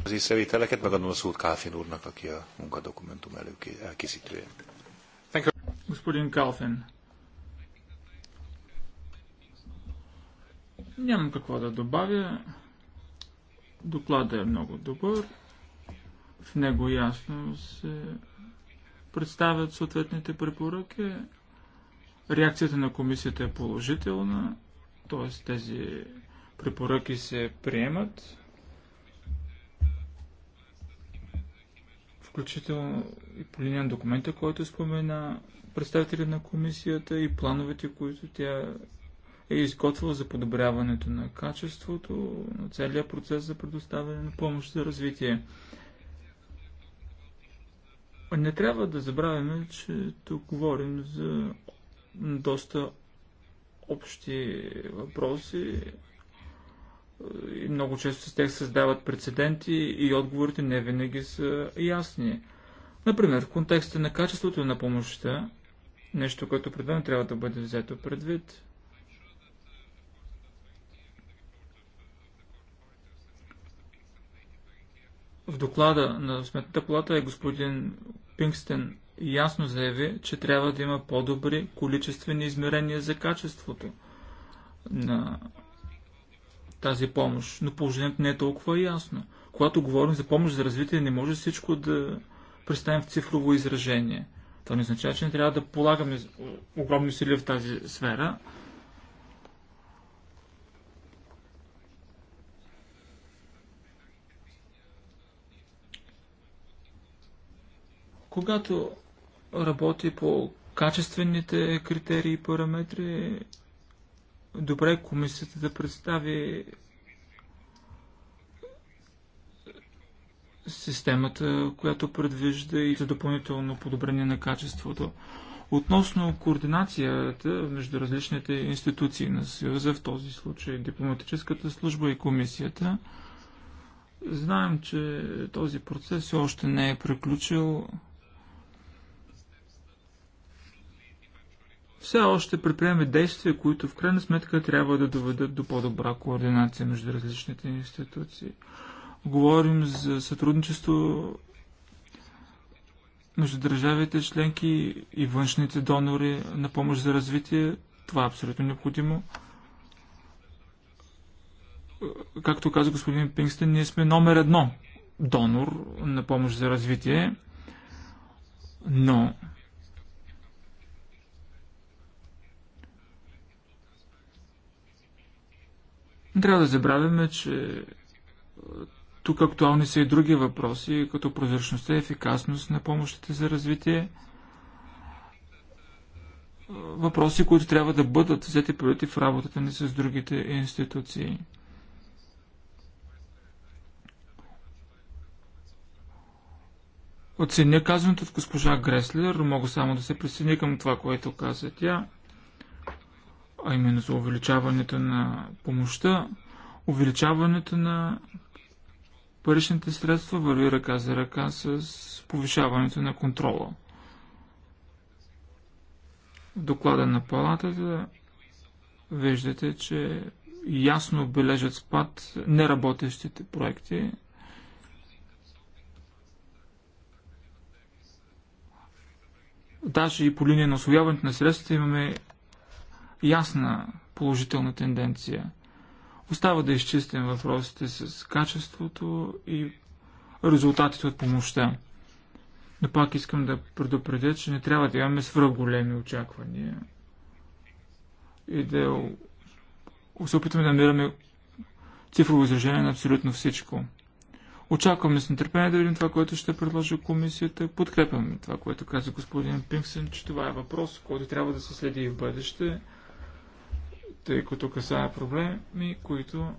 Az észrevételeket megadom a szót Káfén úrnak, aki a munkadokumentum elkészítője. Господин Калфен, нямам какво да добавя. Докладът е много добър. В него ясно се представят съответните препоръки. Реакцията на комисията е положителна, т.е. тези препоръки се приемат. Включително и по линия на документа, който спомена представителя на комисията и плановете, които тя е изготвила за подобряването на качеството на целият процес за предоставяне на помощ за развитие. Не трябва да забравяме, че тук говорим за доста общи въпроси и много често с тях създават прецеденти и отговорите не винаги са ясни. Например, в контекста на качеството на помощта, нещо, което определено трябва да бъде взето предвид, В доклада на Сметната палата е господин Пингстен ясно заяви, че трябва да има по-добри количествени измерения за качеството на тази помощ, но положението не е толкова ясно. Когато говорим за помощ за развитие, не може всичко да представим в цифрово изражение. Това не означава, че не трябва да полагаме огромни усилия в тази сфера, Когато работи по качествените критерии и параметри, добре комисията да представи системата, която предвижда и за допълнително подобрение на качеството. Относно координацията между различните институции на Съюза, в този случай дипломатическата служба и комисията, знаем, че този процес още не е приключил. все още предприемаме действия, които в крайна сметка трябва да доведат до по-добра координация между различните институции. Говорим за сътрудничество между държавите членки и външните донори на помощ за развитие. Това е абсолютно необходимо. Както каза господин Пингстън, ние сме номер едно донор на помощ за развитие, но Не трябва да забравяме, че е, тук актуални са и други въпроси, като прозрачността и ефикасност на помощите за развитие. Е, въпроси, които трябва да бъдат взети предвид в работата ни с другите институции. Оценя казването от госпожа Греслер, мога само да се присъединя към това, което каза тя а именно за увеличаването на помощта, увеличаването на паричните средства върви ръка за ръка с повишаването на контрола. В доклада на палатата виждате, че ясно обележат спад неработещите проекти. Даже и по линия на освояването на средствата имаме ясна положителна тенденция. Остава да изчистим въпросите с качеството и резултатите от помощта. Но пак искам да предупредя, че не трябва да имаме свръхголеми очаквания и да се опитваме да намираме цифрово изражение на абсолютно всичко. Очакваме с нетърпение да видим това, което ще предложи комисията. Подкрепяме това, което каза господин Пинксен, че това е въпрос, който трябва да се следи и в бъдеще тъй като касае проблеми, които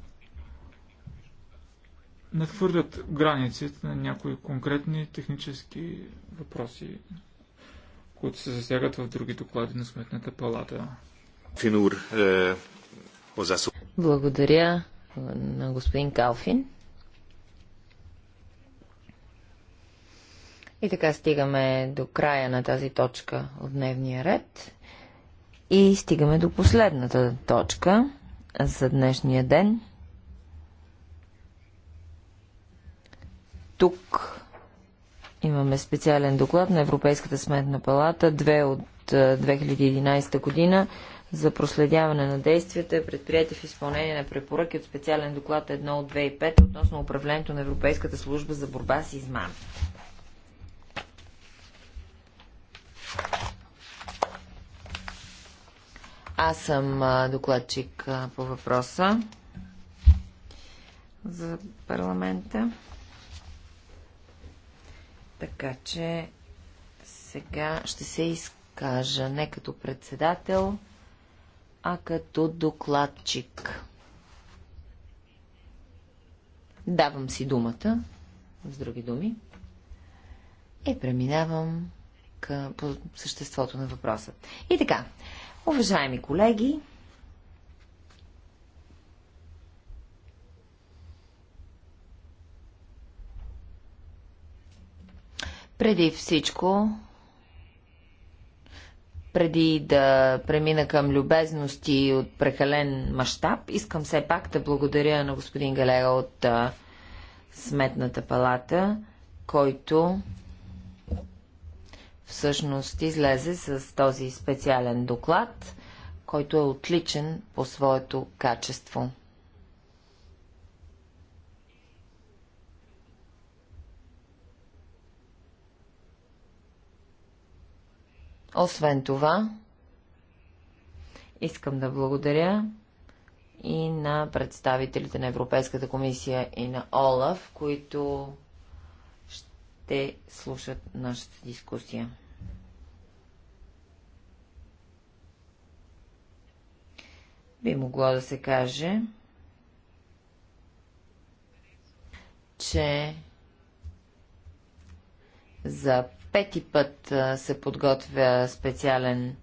надхвърлят границите на някои конкретни технически въпроси, които се засягат в други доклади на Сметната палата. Финур, е, Благодаря на господин Калфин. И така стигаме до края на тази точка от дневния ред. И стигаме до последната точка за днешния ден. Тук имаме специален доклад на Европейската сметна палата, две от 2011 година за проследяване на действията, предприяти в изпълнение на препоръки от специален доклад 1 от 2005 относно управлението на Европейската служба за борба с измамите. Аз съм докладчик по въпроса за парламента. Така че сега ще се изкажа не като председател, а като докладчик. Давам си думата, с други думи, и преминавам към, по съществото на въпроса. И така, Уважаеми колеги, преди всичко, преди да премина към любезности от прекален мащаб, искам все пак да благодаря на господин Галега от Сметната палата, който всъщност излезе с този специален доклад, който е отличен по своето качество. Освен това, искам да благодаря и на представителите на Европейската комисия и на ОЛАФ, които те слушат нашата дискусия. Би могло да се каже, че за пети път се подготвя специален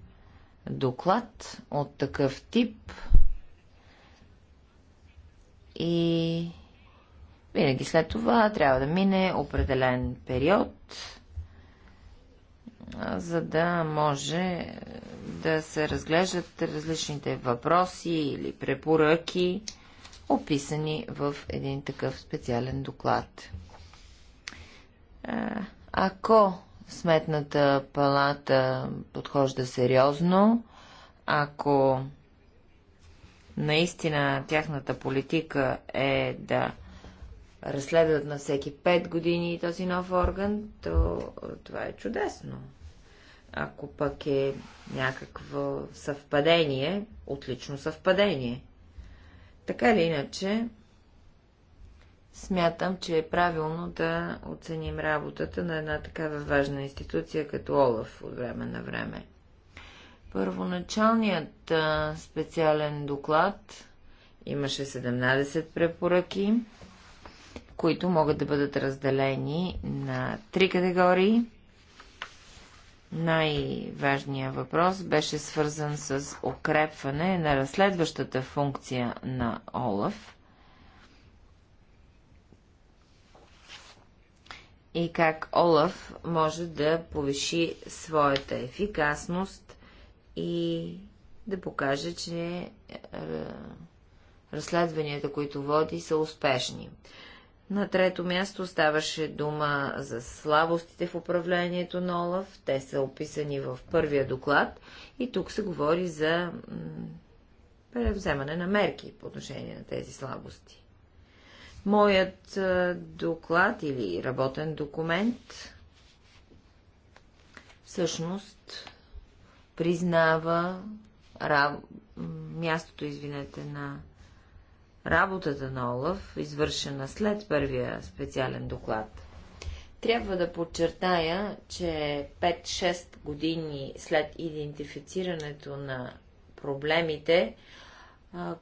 доклад от такъв тип и винаги след това трябва да мине определен период, за да може да се разглеждат различните въпроси или препоръки, описани в един такъв специален доклад. Ако сметната палата подхожда сериозно, ако наистина тяхната политика е да разследват на всеки 5 години този нов орган, то това е чудесно. Ако пък е някакво съвпадение, отлично съвпадение. Така или иначе, смятам, че е правилно да оценим работата на една такава важна институция като Олаф от време на време. Първоначалният специален доклад имаше 17 препоръки, които могат да бъдат разделени на три категории. Най-важният въпрос беше свързан с укрепване на разследващата функция на ОЛАФ и как ОЛАФ може да повиши своята ефикасност и да покаже, че е, разследванията, които води, са успешни. На трето място ставаше дума за слабостите в управлението на Олаф. Те са описани в първия доклад и тук се говори за превземане на мерки по отношение на тези слабости. Моят доклад или работен документ всъщност признава ра... мястото, извинете, на работата на Олаф, извършена след първия специален доклад. Трябва да подчертая, че 5-6 години след идентифицирането на проблемите,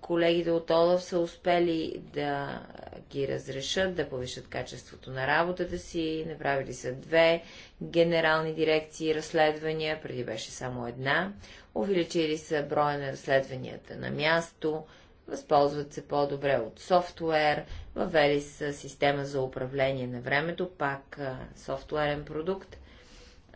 колегите от Олаф са успели да ги разрешат, да повишат качеството на работата си. Направили са две генерални дирекции разследвания, преди беше само една. Увеличили са броя на разследванията на място, Възползват се по-добре от софтуер, въвели са система за управление на времето, пак софтуерен продукт.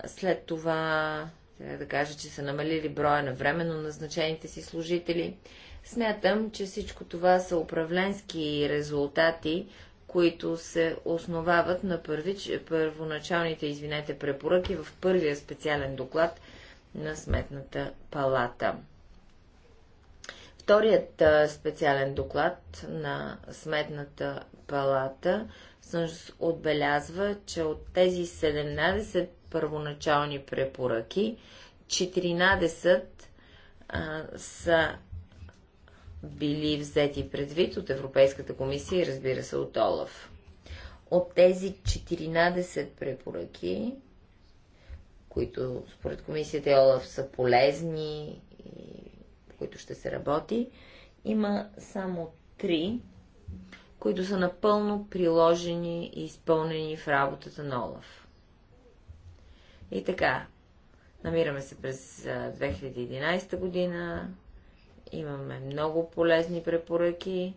След това, трябва да кажа, че са намалили броя на временно назначените си служители. Смятам, че всичко това са управленски резултати, които се основават на първич, първоначалните, извинете, препоръки в първия специален доклад на Сметната палата. Вторият специален доклад на Сметната палата всъщност отбелязва, че от тези 17 първоначални препоръки, 14 а, са били взети предвид от Европейската комисия и разбира се от Олаф. От тези 14 препоръки, които според комисията и Олаф са полезни и които ще се работи. Има само три, които са напълно приложени и изпълнени в работата на Олаф. И така, намираме се през 2011 година, имаме много полезни препоръки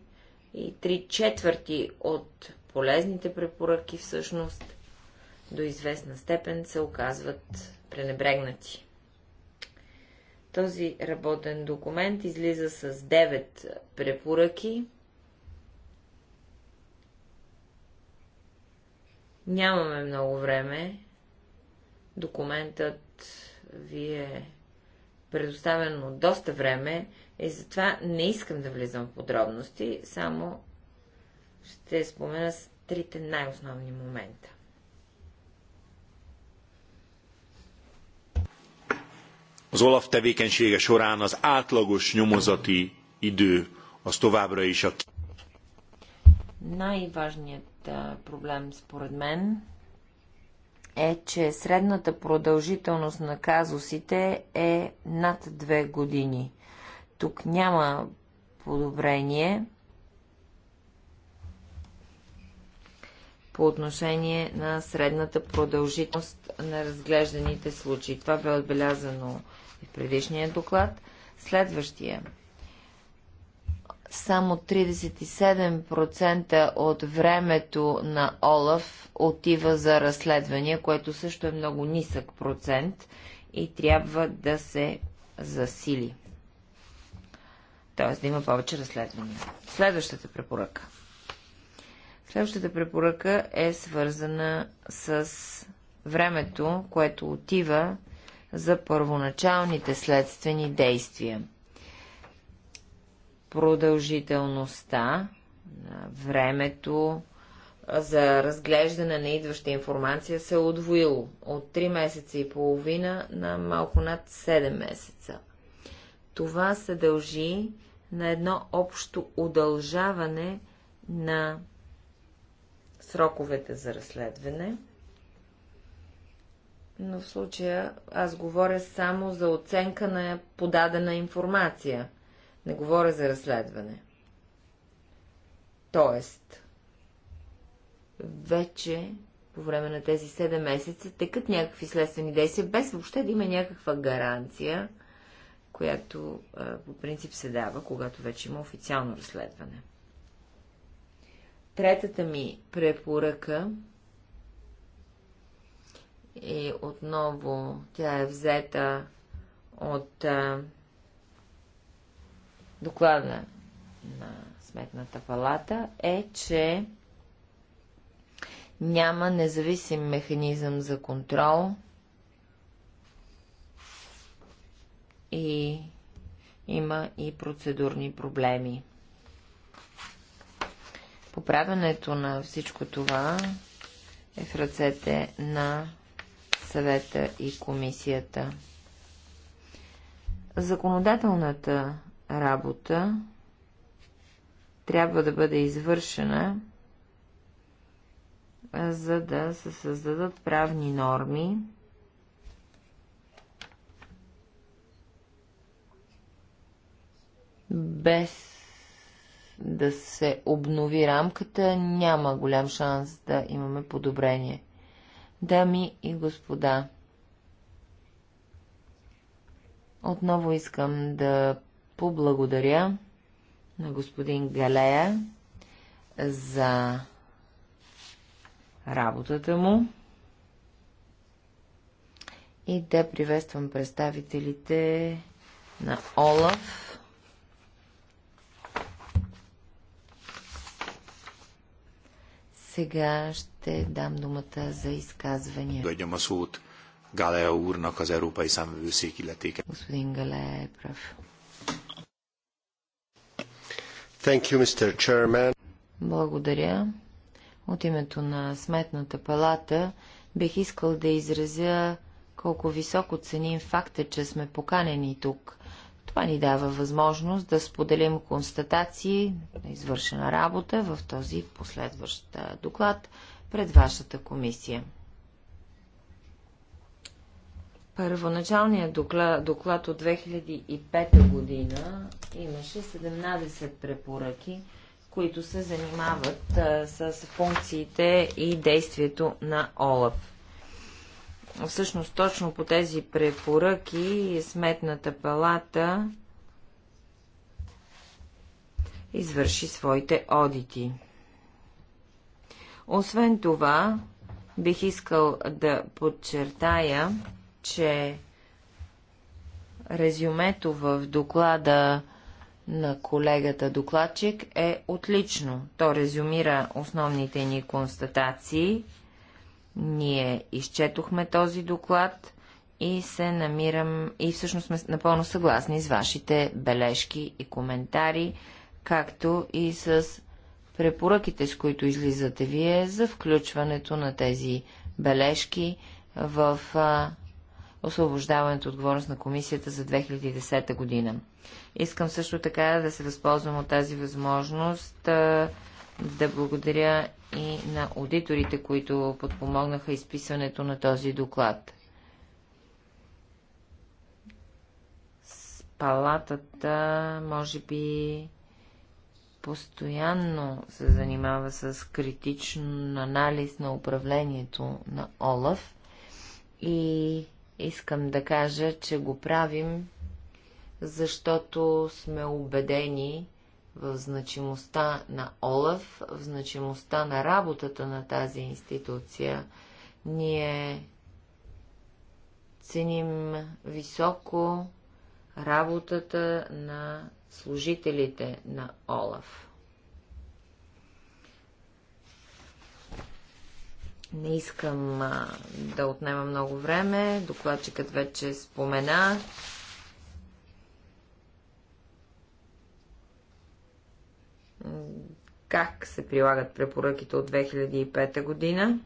и три четвърти от полезните препоръки всъщност до известна степен се оказват пренебрегнати. Този работен документ излиза с 9 препоръки. Нямаме много време. Документът ви е предоставен от доста време и затова не искам да влизам в подробности, само ще спомена с трите най-основни момента. az OLAF tevékenysége során az átlagos nyomozati idő az továbbra is a... Най-важният проблем според мен е, че средната продължителност на казусите е над две години. Тук няма подобрение по отношение на средната продължителност на разглежданите случаи. Това бе отбелязано и в предишния доклад. Следващия. Само 37% от времето на Олаф отива за разследвания, което също е много нисък процент и трябва да се засили. Тоест да има повече разследвания. Следващата препоръка – Следващата препоръка е свързана с времето, което отива за първоначалните следствени действия. Продължителността на времето за разглеждане на идваща информация се е удвоило от 3 месеца и половина на малко над 7 месеца. Това се дължи на едно общо удължаване на сроковете за разследване, но в случая аз говоря само за оценка на подадена информация, не говоря за разследване. Тоест, вече по време на тези 7 месеца текат някакви следствени действия, без въобще да има някаква гаранция, която по принцип се дава, когато вече има официално разследване. Третата ми препоръка и е отново тя е взета от а, доклада на Сметната палата, е, че няма независим механизъм за контрол и има и процедурни проблеми. Поправянето на всичко това е в ръцете на съвета и комисията. Законодателната работа трябва да бъде извършена, за да се създадат правни норми, без да се обнови рамката, няма голям шанс да имаме подобрение. Дами и господа, отново искам да поблагодаря на господин Галея за работата му и да приветствам представителите на Олаф Сега ще дам думата за изказвания. Дойдем от Галея Урна аз Европа и сам всеки летике. Господин Галея е прав. Thank you, Mr. Chairman. Благодаря. От името на Сметната палата бих искал да изразя колко високо ценим факта, че сме поканени тук. Това ни дава възможност да споделим констатации на извършена работа в този последващ доклад пред вашата комисия. Първоначалният доклад, доклад от 2005 година имаше 17 препоръки, които се занимават а, с функциите и действието на ОЛАФ. Всъщност точно по тези препоръки Сметната палата извърши своите одити. Освен това, бих искал да подчертая, че резюмето в доклада на колегата докладчик е отлично. То резюмира основните ни констатации – ние изчетохме този доклад и се намирам и всъщност сме напълно съгласни с вашите бележки и коментари, както и с препоръките, с които излизате вие за включването на тези бележки в а, освобождаването от отговорност на комисията за 2010 година. Искам също така да се възползвам от тази възможност а, да благодаря и на аудиторите, които подпомогнаха изписването на този доклад. С палатата, може би, постоянно се занимава с критичен анализ на управлението на Олаф и искам да кажа, че го правим, защото сме убедени, в значимостта на Олаф, в значимостта на работата на тази институция. Ние ценим високо работата на служителите на Олаф. Не искам а, да отнема много време. Докладчикът вече спомена как се прилагат препоръките от 2005 година.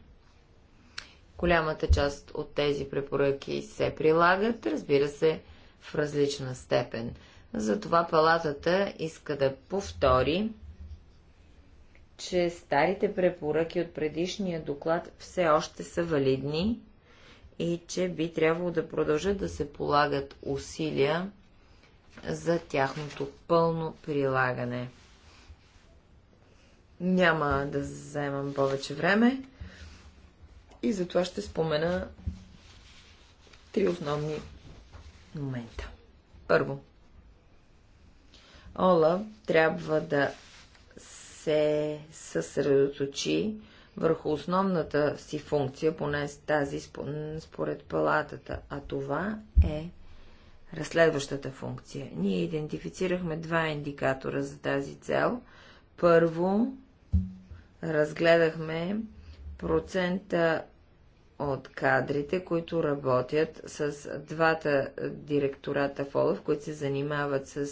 Голямата част от тези препоръки се прилагат, разбира се, в различна степен. Затова палатата иска да повтори, че старите препоръки от предишния доклад все още са валидни и че би трябвало да продължат да се полагат усилия за тяхното пълно прилагане. Няма да заемам повече време и затова ще спомена три основни момента. Първо, Ола трябва да се съсредоточи върху основната си функция, поне тази според палатата, а това е разследващата функция. Ние идентифицирахме два индикатора за тази цел. Първо, разгледахме процента от кадрите, които работят с двата директората в ОЛАФ, които се занимават с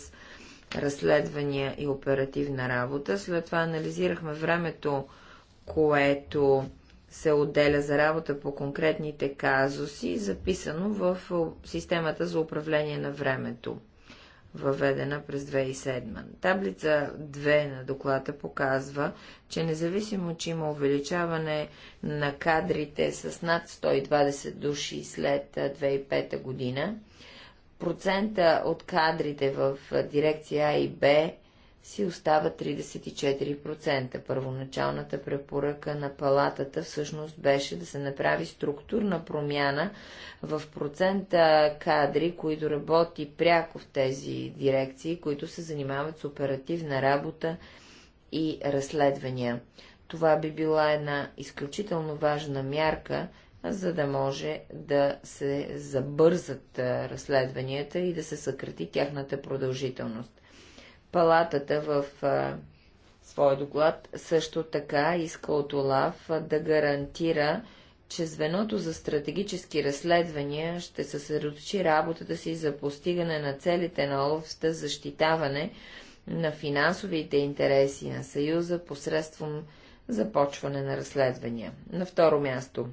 разследвания и оперативна работа. След това анализирахме времето, което се отделя за работа по конкретните казуси, записано в системата за управление на времето въведена през 2007. Таблица 2 на доклада показва, че независимо, че има увеличаване на кадрите с над 120 души след 2005 година, процента от кадрите в дирекция А и Б си остава 34%. Първоначалната препоръка на палатата всъщност беше да се направи структурна промяна в процента кадри, които работи пряко в тези дирекции, които се занимават с оперативна работа и разследвания. Това би била една изключително важна мярка, за да може да се забързат разследванията и да се съкрати тяхната продължителност. Палатата в своя доклад също така иска от ОЛАФ да гарантира, че звеното за стратегически разследвания ще съсредоточи работата си за постигане на целите на ОЛАФ за защитаване на финансовите интереси на Съюза посредством започване на разследвания. На второ място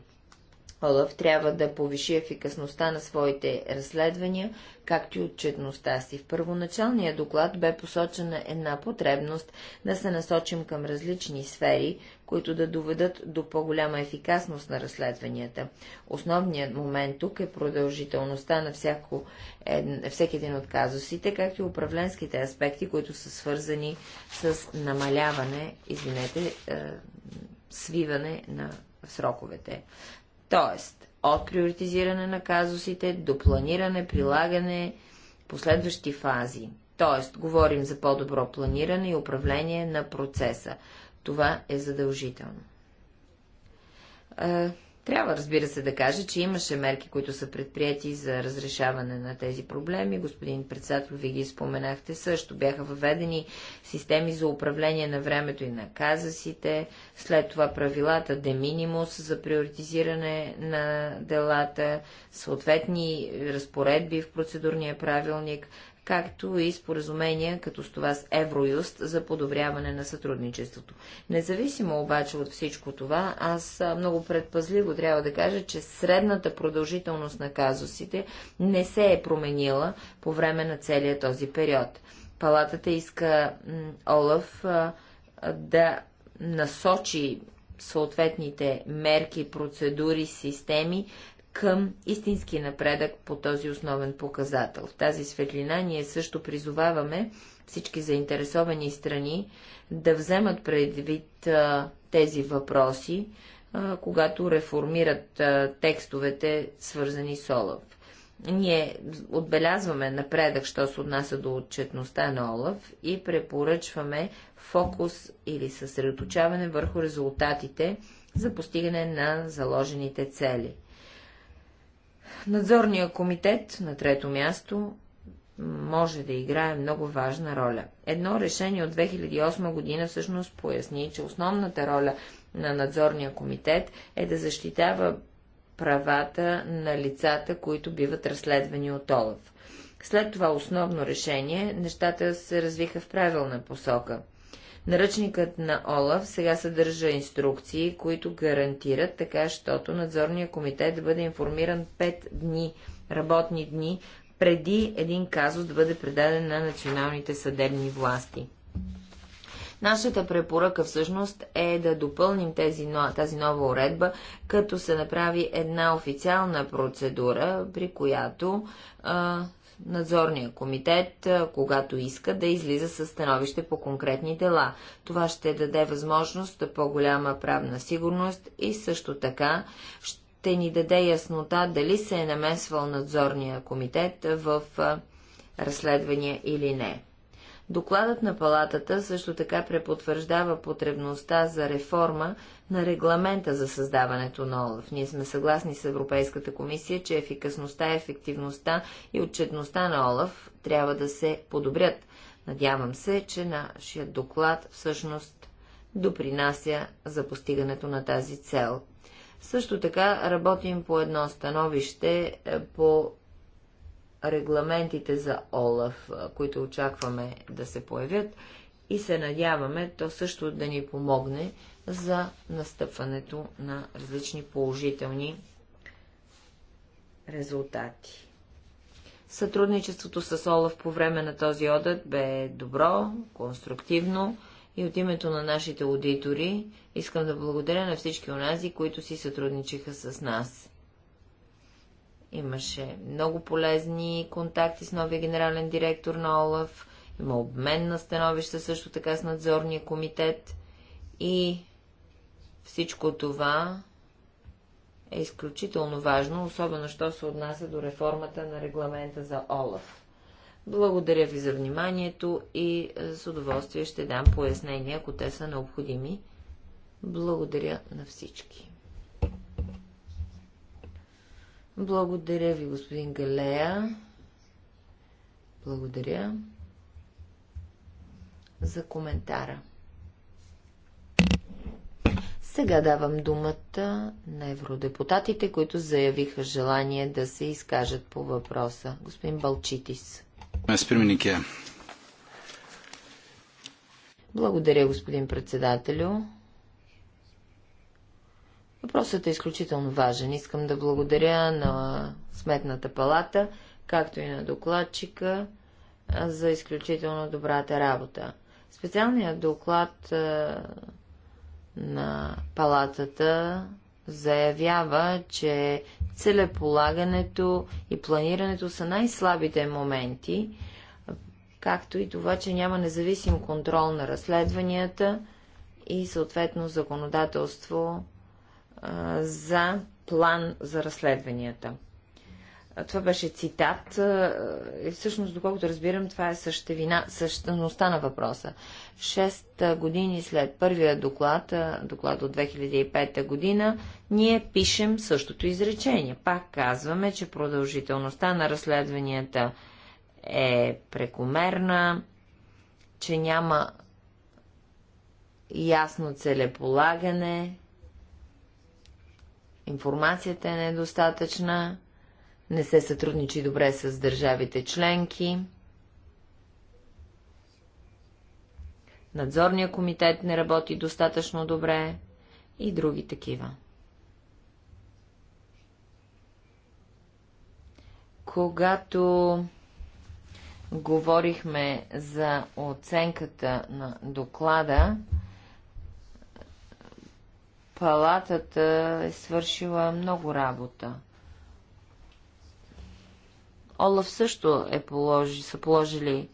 Олаф трябва да повиши ефикасността на своите разследвания, както и отчетността си. В първоначалния доклад бе посочена една потребност да се насочим към различни сфери, които да доведат до по-голяма ефикасност на разследванията. Основният момент тук е продължителността на всяко, ед... всеки един от казусите, както и управленските аспекти, които са свързани с намаляване, извинете, е, свиване на сроковете т.е. от приоритизиране на казусите до планиране, прилагане, последващи фази. Т.е. говорим за по-добро планиране и управление на процеса. Това е задължително. Е, трябва, разбира се, да кажа, че имаше мерки, които са предприяти за разрешаване на тези проблеми. Господин председател, ви ги споменахте също. Бяха въведени системи за управление на времето и на казасите, след това правилата де минимус за приоритизиране на делата, съответни разпоредби в процедурния правилник – както и споразумения като с това с Евроюст за подобряване на сътрудничеството. Независимо обаче от всичко това, аз много предпазливо трябва да кажа, че средната продължителност на казусите не се е променила по време на целия този период. Палатата иска Олаф да насочи съответните мерки, процедури, системи към истински напредък по този основен показател. В тази светлина ние също призоваваме всички заинтересовани страни да вземат предвид а, тези въпроси, а, когато реформират а, текстовете, свързани с ОЛАВ. Ние отбелязваме напредък, що се отнася до отчетността на ОЛАВ и препоръчваме фокус или съсредоточаване върху резултатите за постигане на заложените цели – Надзорния комитет, на трето място, може да играе много важна роля. Едно решение от 2008 година всъщност поясни, че основната роля на надзорния комитет е да защитава правата на лицата, които биват разследвани от Олаф. След това основно решение нещата се развиха в правилна посока. Наръчникът на ОЛАВ сега съдържа инструкции, които гарантират така, щото надзорния комитет да бъде информиран 5 дни, работни дни, преди един казус да бъде предаден на националните съдебни власти. Нашата препоръка всъщност е да допълним тези, тази нова уредба, като се направи една официална процедура, при която а, надзорния комитет, когато иска, да излиза със становище по конкретни дела. Това ще даде възможност да по-голяма правна сигурност и също така ще ни даде яснота дали се е намесвал надзорния комитет в разследвания или не. Докладът на палатата също така препотвърждава потребността за реформа на регламента за създаването на ОЛАФ. Ние сме съгласни с Европейската комисия, че ефикасността, ефективността и отчетността на ОЛАФ трябва да се подобрят. Надявам се, че нашия доклад всъщност допринася за постигането на тази цел. Също така работим по едно становище е, по регламентите за ОЛАФ, които очакваме да се появят и се надяваме то също да ни помогне за настъпването на различни положителни резултати. Сътрудничеството с Олаф по време на този одът бе добро, конструктивно и от името на нашите аудитори искам да благодаря на всички онази, които си сътрудничиха с нас. Имаше много полезни контакти с новия генерален директор на ОЛАФ. Има обмен на становища също така с надзорния комитет. И всичко това е изключително важно, особено що се отнася до реформата на регламента за ОЛАФ. Благодаря ви за вниманието и е, с удоволствие ще дам пояснения, ако те са необходими. Благодаря на всички. Благодаря ви, господин Галея. Благодаря за коментара. Сега давам думата на евродепутатите, които заявиха желание да се изкажат по въпроса. Господин Балчитис. Благодаря, господин председателю. Въпросът е изключително важен. Искам да благодаря на Сметната палата, както и на докладчика за изключително добрата работа. Специалният доклад на палатата заявява, че целеполагането и планирането са най-слабите моменти, както и това, че няма независим контрол на разследванията и съответно законодателство за план за разследванията. Това беше цитат и всъщност, доколкото разбирам, това е същевина, същността на въпроса. Шест години след първия доклад, доклад от 2005 година, ние пишем същото изречение. Пак казваме, че продължителността на разследванията е прекомерна, че няма ясно целеполагане, Информацията е недостатъчна, не се сътрудничи добре с държавите членки. Надзорния комитет не работи достатъчно добре и други такива. Когато говорихме за оценката на доклада, палатата е свършила много работа. Олаф също е положи, са положили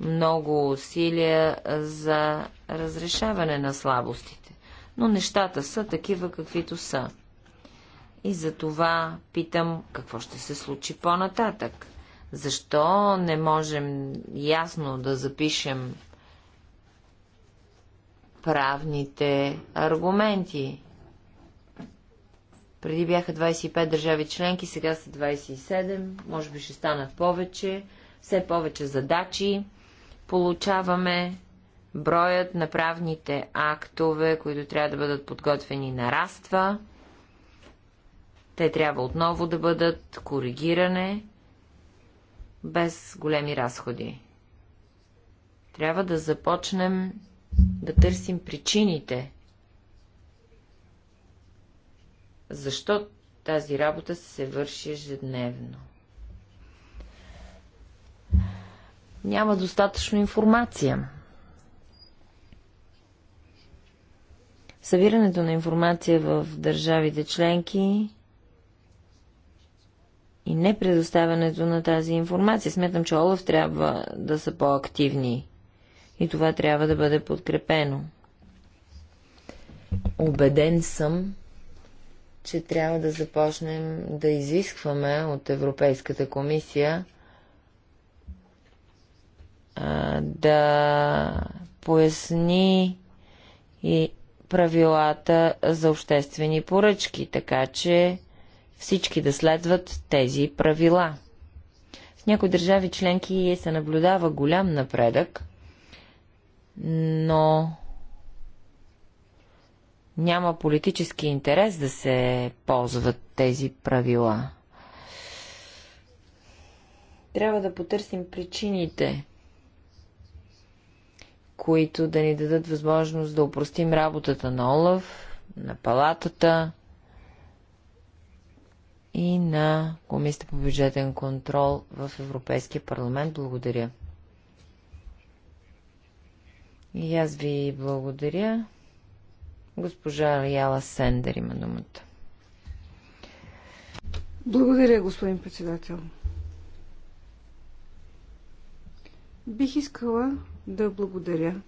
много усилия за разрешаване на слабостите, но нещата са такива каквито са. И за това питам какво ще се случи по-нататък. Защо не можем ясно да запишем правните аргументи. Преди бяха 25 държави членки, сега са 27, може би ще станат повече, все повече задачи. Получаваме броят на правните актове, които трябва да бъдат подготвени, нараства. Те трябва отново да бъдат коригиране без големи разходи. Трябва да започнем да търсим причините. Защо тази работа се върши ежедневно? Няма достатъчно информация. Събирането на информация в държавите членки и непредоставянето на тази информация. Сметам, че Олаф трябва да са по-активни и това трябва да бъде подкрепено. Обеден съм, че трябва да започнем да изискваме от Европейската комисия а, да поясни и правилата за обществени поръчки, така че всички да следват тези правила. В някои държави членки се наблюдава голям напредък но няма политически интерес да се ползват тези правила. Трябва да потърсим причините, които да ни дадат възможност да упростим работата на Олаф, на палатата и на Комисията по бюджетен контрол в Европейския парламент. Благодаря. И аз ви благодаря. Госпожа Яла Сендер има думата. Благодаря, господин председател. Бих искала да благодаря.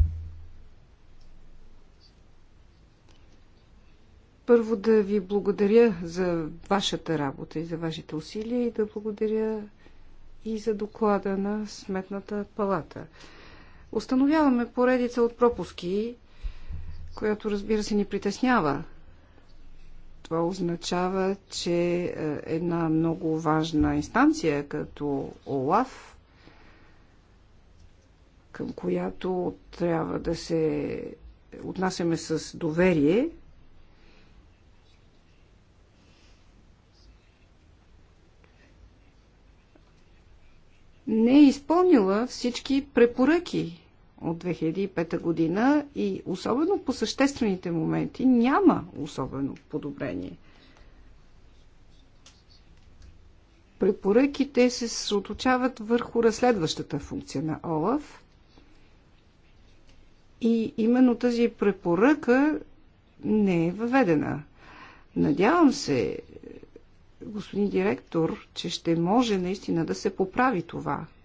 Първо да ви благодаря за вашата работа и за вашите усилия и да благодаря и за доклада на Сметната палата. Установяваме поредица от пропуски, която разбира се ни притеснява. Това означава, че е, една много важна инстанция като ОЛАФ, към която трябва да се отнасяме с доверие, не е изпълнила всички препоръки от 2005 година и особено по съществените моменти няма особено подобрение. Препоръките се съоточават върху разследващата функция на ОЛАФ и именно тази препоръка не е въведена. Надявам се, господин директор, че ще може наистина да се поправи това –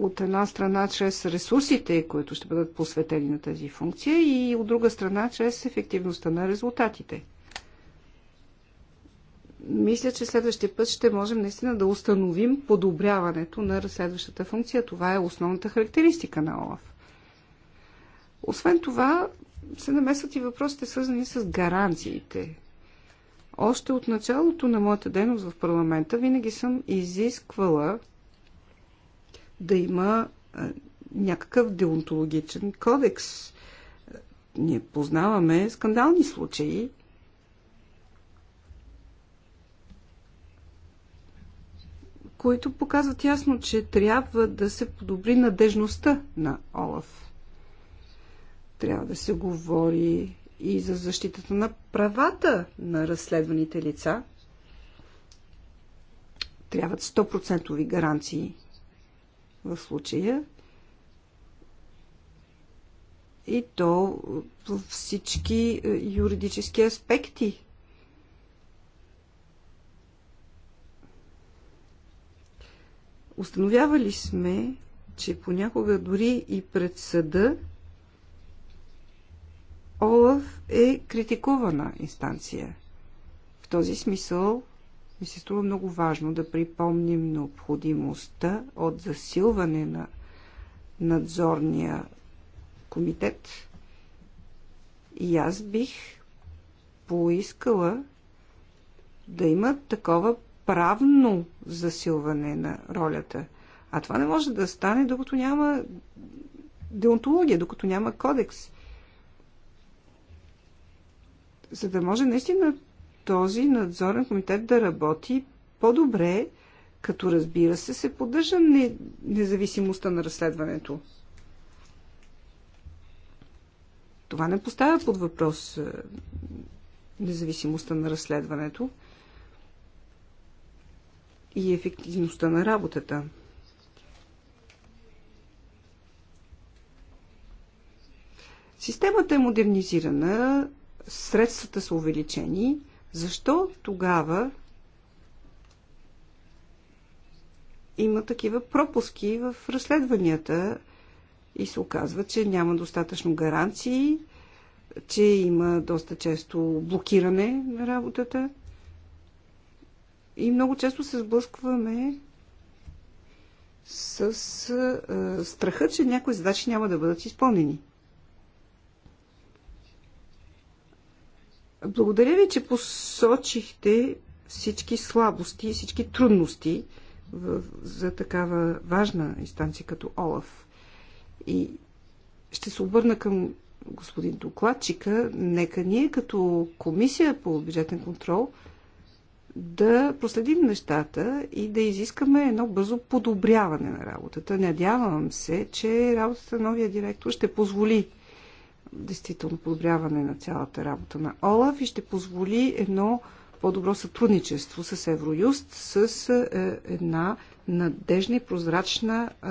от една страна чрез ресурсите, които ще бъдат посветени на тази функция и от друга страна чрез ефективността на резултатите. Мисля, че следващия път ще можем наистина да установим подобряването на разследващата функция. Това е основната характеристика на ОЛАФ. Освен това, се намесват и въпросите свързани с гаранциите. Още от началото на моята дейност в парламента винаги съм изисквала да има някакъв деонтологичен кодекс. Ние познаваме скандални случаи. които показват ясно, че трябва да се подобри надежността на Олаф. Трябва да се говори и за защитата на правата на разследваните лица. Трябват 100% гаранции в случая. И то във всички е, юридически аспекти. Установявали сме, че понякога дори и пред съда Олаф е критикувана инстанция. В този смисъл ми се струва много важно да припомним необходимостта от засилване на надзорния комитет. И аз бих поискала да има такова правно засилване на ролята. А това не може да стане, докато няма деонтология, докато няма кодекс. За да може наистина този надзорен комитет да работи по-добре, като разбира се, се поддържа независимостта на разследването. Това не поставя под въпрос е, независимостта на разследването и ефективността на работата. Системата е модернизирана, средствата са увеличени, защо тогава има такива пропуски в разследванията и се оказва, че няма достатъчно гаранции, че има доста често блокиране на работата. И много често се сблъскваме с страха, че някои задачи няма да бъдат изпълнени. Благодаря ви, че посочихте всички слабости и всички трудности в, за такава важна инстанция като ОЛАФ. И ще се обърна към господин докладчика. Нека ние като комисия по бюджетен контрол да проследим нещата и да изискаме едно бързо подобряване на работата. Надявам се, че работата на новия директор ще позволи действително подобряване на цялата работа на ОЛАФ и ще позволи едно по-добро сътрудничество с Евроюст, с е, една надежна и прозрачна е,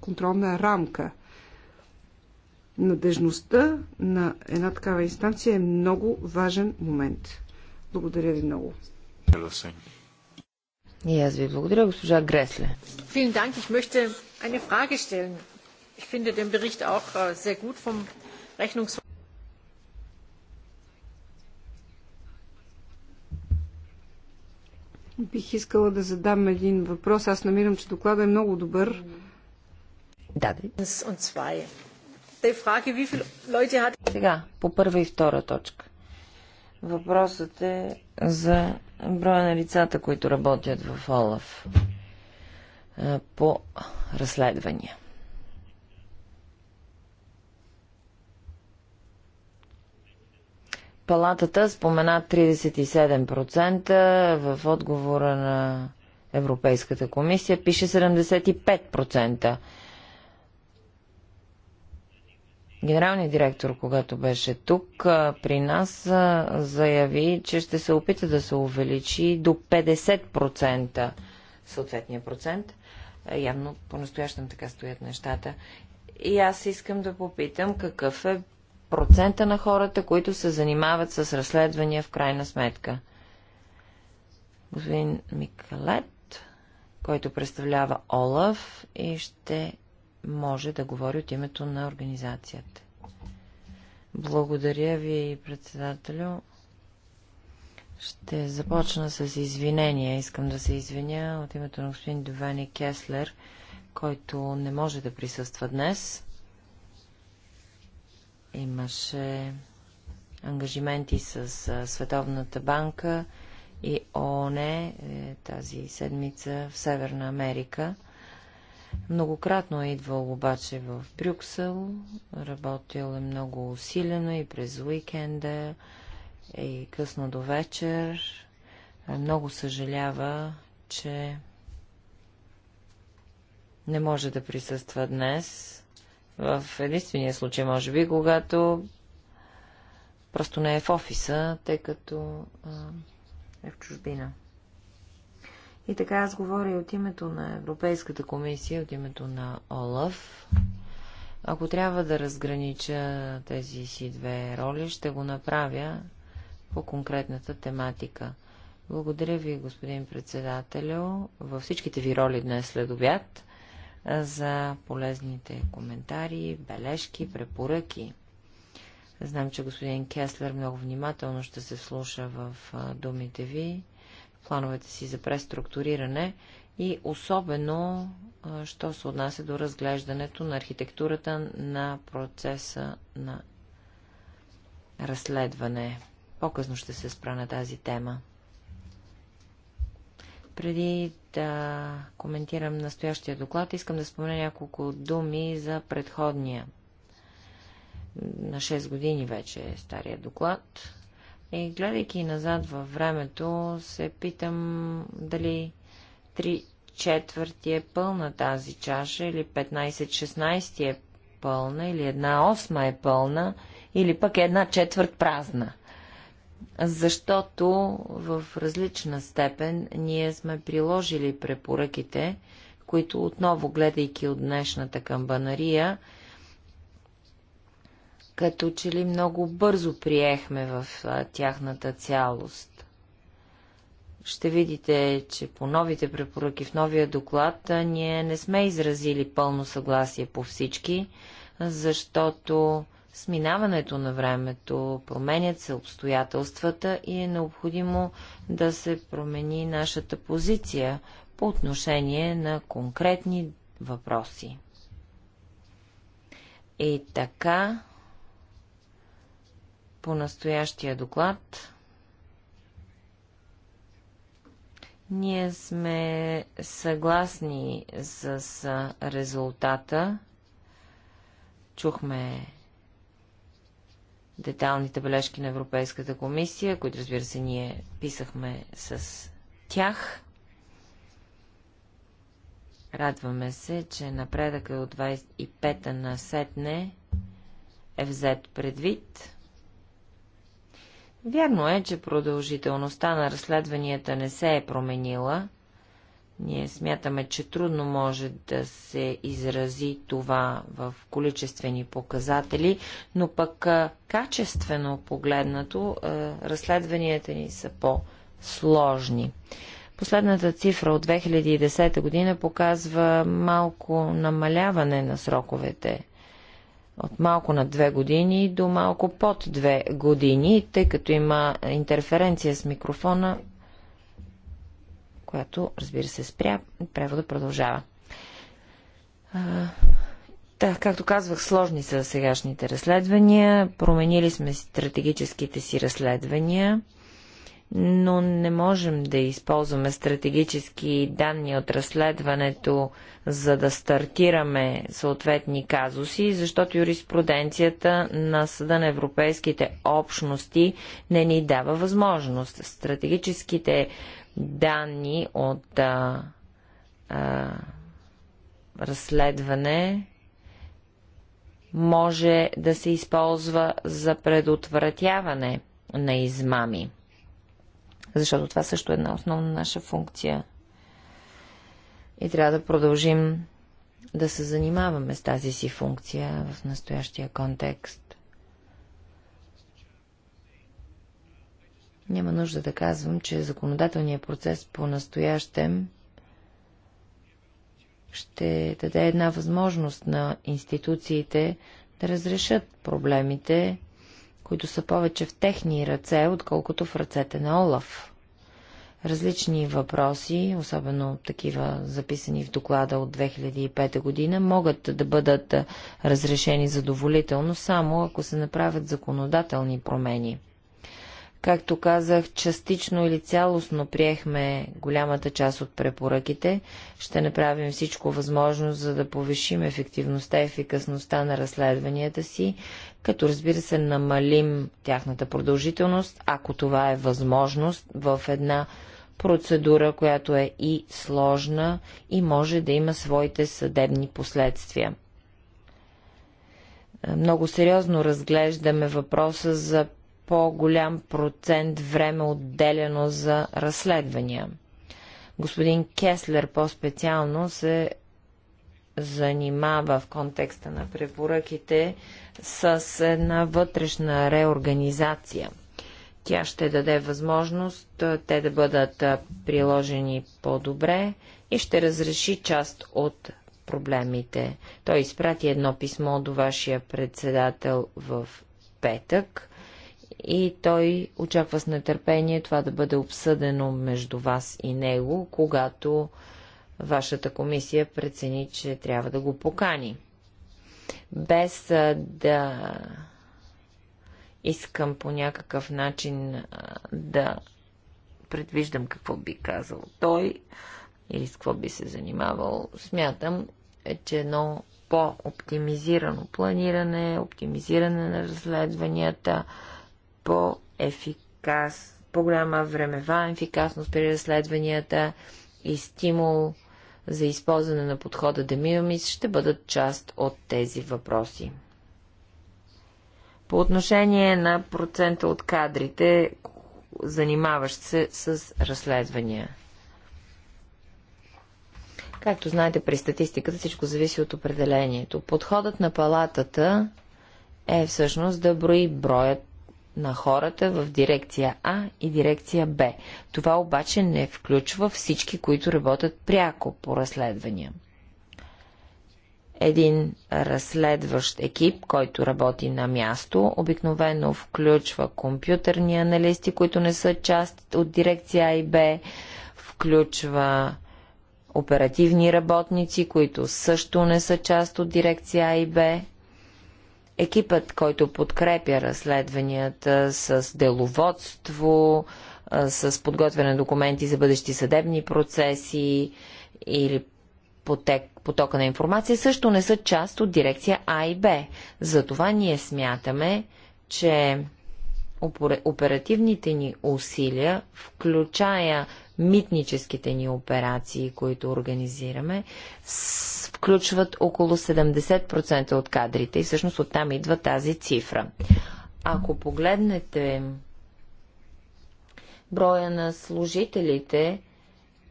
контролна рамка. Надежността на една такава инстанция е много важен момент. Благодаря ви много. И аз ви благодаря, госпожа Гресле. Благодаря. Ich möchte eine Frage stellen. Ich finde den Bericht auch äh, sehr gut vom Бих искала да задам един въпрос. Аз намирам, че доклада е много добър. Да, да. Сега, по първа и втора точка. Въпросът е за броя на лицата, които работят в ОЛАФ по разследвания. Палатата спомена 37%, в отговора на Европейската комисия пише 75%. Генералният директор, когато беше тук при нас, заяви, че ще се опита да се увеличи до 50% съответния процент. Явно по-настоящем така стоят нещата. И аз искам да попитам какъв е процента на хората, които се занимават с разследвания в крайна сметка. Господин Микалет, който представлява Олаф и ще може да говори от името на организацията. Благодаря ви, председателю. Ще започна с извинения. Искам да се извиня от името на господин Довани Кеслер, който не може да присъства днес. Имаше ангажименти с Световната банка и ООН е, тази седмица в Северна Америка. Многократно е идвал обаче в Брюксел, работил е много усилено и през уикенда, и късно до вечер. Е, много съжалява, че не може да присъства днес в единствения случай, може би, когато просто не е в офиса, тъй като е в чужбина. И така аз говоря и от името на Европейската комисия, от името на ОЛАФ. Ако трябва да разгранича тези си две роли, ще го направя по конкретната тематика. Благодаря ви, господин председателю, във всичките ви роли днес след обяд за полезните коментари, бележки, препоръки. Знам, че господин Кеслер много внимателно ще се слуша в думите ви, в плановете си за преструктуриране и особено, що се отнася до разглеждането на архитектурата на процеса на разследване. По-късно ще се спра на тази тема. Преди да коментирам настоящия доклад, искам да спомена няколко думи за предходния. На 6 години вече е стария доклад. И гледайки назад във времето, се питам дали 3 четвърти е пълна тази чаша, или 15-16 е пълна, или една осма е пълна, или пък една четвърт празна защото в различна степен ние сме приложили препоръките, които отново, гледайки от днешната камбанария, като че ли много бързо приехме в тяхната цялост. Ще видите, че по новите препоръки в новия доклад ние не сме изразили пълно съгласие по всички, защото с минаването на времето променят се обстоятелствата и е необходимо да се промени нашата позиция по отношение на конкретни въпроси. И така, по настоящия доклад, ние сме съгласни с резултата. Чухме деталните бележки на Европейската комисия, които разбира се ние писахме с тях. Радваме се, че напредъка е от 25-та на сетне е взет предвид. Вярно е, че продължителността на разследванията не се е променила – ние смятаме, че трудно може да се изрази това в количествени показатели, но пък качествено погледнато разследванията ни са по-сложни. Последната цифра от 2010 година показва малко намаляване на сроковете от малко на две години до малко под две години, тъй като има интерференция с микрофона, която, разбира се, спря, превода продължава. да, както казвах, сложни са сегашните разследвания. Променили сме стратегическите си разследвания, но не можем да използваме стратегически данни от разследването, за да стартираме съответни казуси, защото юриспруденцията на Съда на Европейските общности не ни дава възможност. Стратегическите данни от а, а, разследване може да се използва за предотвратяване на измами. Защото това също е една основна наша функция. И трябва да продължим да се занимаваме с тази си функция в настоящия контекст. Няма нужда да казвам, че законодателният процес по-настоящем ще даде една възможност на институциите да разрешат проблемите, които са повече в техни ръце, отколкото в ръцете на Олаф. Различни въпроси, особено такива записани в доклада от 2005 година, могат да бъдат разрешени задоволително само ако се направят законодателни промени – Както казах, частично или цялостно приехме голямата част от препоръките. Ще направим всичко възможно, за да повишим ефективността и ефикасността на разследванията си, като разбира се намалим тяхната продължителност, ако това е възможност в една процедура, която е и сложна и може да има своите съдебни последствия. Много сериозно разглеждаме въпроса за по-голям процент време отделено за разследвания. Господин Кеслер по-специално се занимава в контекста на препоръките с една вътрешна реорганизация. Тя ще даде възможност те да бъдат приложени по-добре и ще разреши част от проблемите. Той изпрати едно писмо до вашия председател в петък и той очаква с нетърпение това да бъде обсъдено между вас и него, когато вашата комисия прецени, че трябва да го покани. Без да искам по някакъв начин да предвиждам какво би казал той или с какво би се занимавал, смятам, е, че едно по-оптимизирано планиране, оптимизиране на разследванията, по-ефикас, по-голяма времева ефикасност при разследванията и стимул за използване на подхода Демиомис ще бъдат част от тези въпроси. По отношение на процента от кадрите, занимаващ се с разследвания. Както знаете, при статистиката всичко зависи от определението. Подходът на палатата е всъщност да брои броят на хората в дирекция А и дирекция Б. Това обаче не включва всички, които работят пряко по разследвания. Един разследващ екип, който работи на място, обикновено включва компютърни аналисти, които не са част от дирекция А и Б, включва оперативни работници, които също не са част от дирекция А и Б, Екипът, който подкрепя разследванията с деловодство, с подготвяне на документи за бъдещи съдебни процеси или потек, потока на информация, също не са част от дирекция А и Б. Затова ние смятаме, че оперативните ни усилия, включая митническите ни операции, които организираме, включват около 70% от кадрите и всъщност оттам идва тази цифра. Ако погледнете броя на служителите,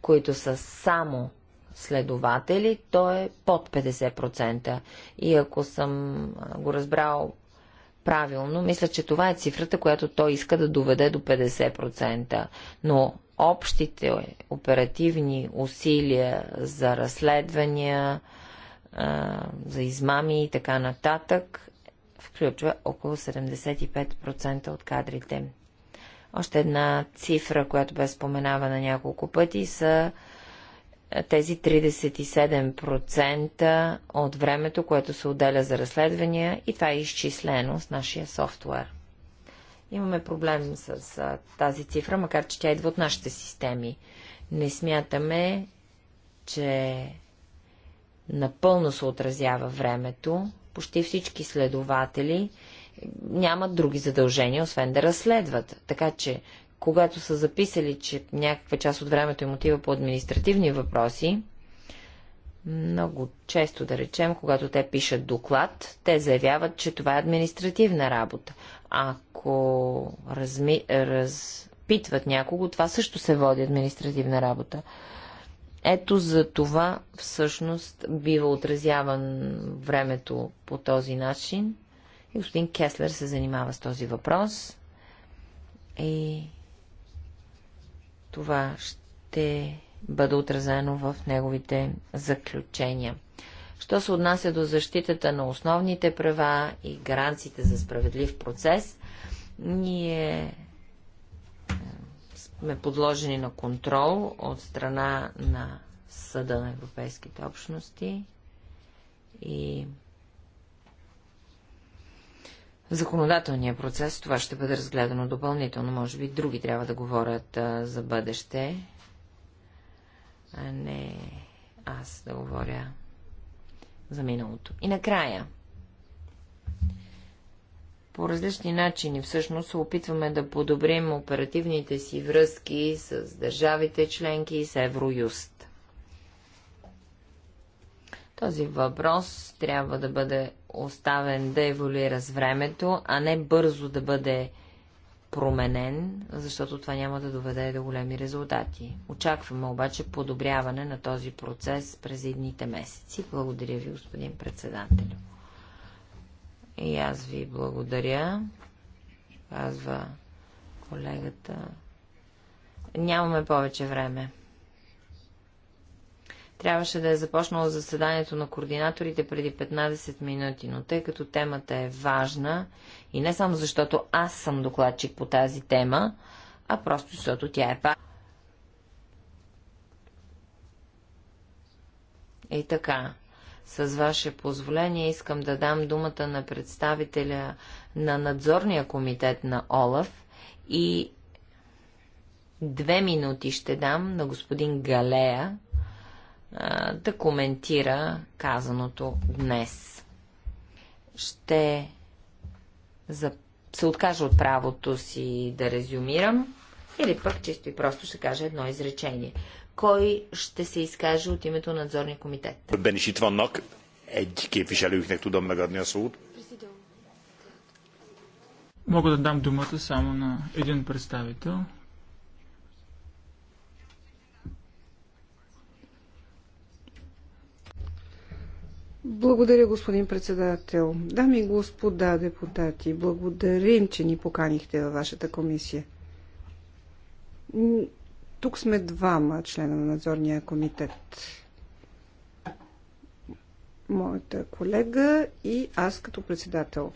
които са само следователи, то е под 50%. И ако съм го разбрал правилно, мисля, че това е цифрата, която той иска да доведе до 50%. Но общите оперативни усилия за разследвания, за измами и така нататък включва около 75% от кадрите. Още една цифра, която бе споменава на няколко пъти, са е, тези 37% от времето, което се отделя за разследвания и това е изчислено с нашия софтуер. Имаме проблем с а, тази цифра, макар че тя идва от нашите системи. Не смятаме, че напълно се отразява времето. Почти всички следователи нямат други задължения, освен да разследват. Така че когато са записали, че някаква част от времето им отива по административни въпроси, много често, да речем, когато те пишат доклад, те заявяват, че това е административна работа. Ако разми... разпитват някого, това също се води административна работа. Ето за това всъщност бива отразяван времето по този начин. И господин Кеслер се занимава с този въпрос. И това ще бъде отразено в неговите заключения. Що се отнася до защитата на основните права и гаранциите за справедлив процес, ние е, сме подложени на контрол от страна на Съда на Европейските общности и законодателния процес. Това ще бъде разгледано допълнително. Може би други трябва да говорят а, за бъдеще, а не аз да говоря за миналото. И накрая. По различни начини всъщност се опитваме да подобрим оперативните си връзки с държавите членки и с Евроюст. Този въпрос трябва да бъде оставен да еволюира с времето, а не бързо да бъде променен, защото това няма да доведе до големи резултати. Очакваме обаче подобряване на този процес през едните месеци. Благодаря ви, господин председател. И аз ви благодаря, казва колегата. Нямаме повече време. Трябваше да е започнало заседанието на координаторите преди 15 минути, но тъй като темата е важна и не само защото аз съм докладчик по тази тема, а просто защото тя е па. И така, с ваше позволение искам да дам думата на представителя на надзорния комитет на ОЛАФ и две минути ще дам на господин Галея, да коментира казаното днес. Ще за... се откажа от правото си да резюмирам или пък чисто и просто ще кажа едно изречение. Кой ще се изкаже от името на надзорния комитет? Мога да дам думата само на един представител. Благодаря, господин председател. Дами и господа депутати, благодарим, че ни поканихте във вашата комисия. Тук сме двама члена на надзорния комитет. Моята колега и аз като председател.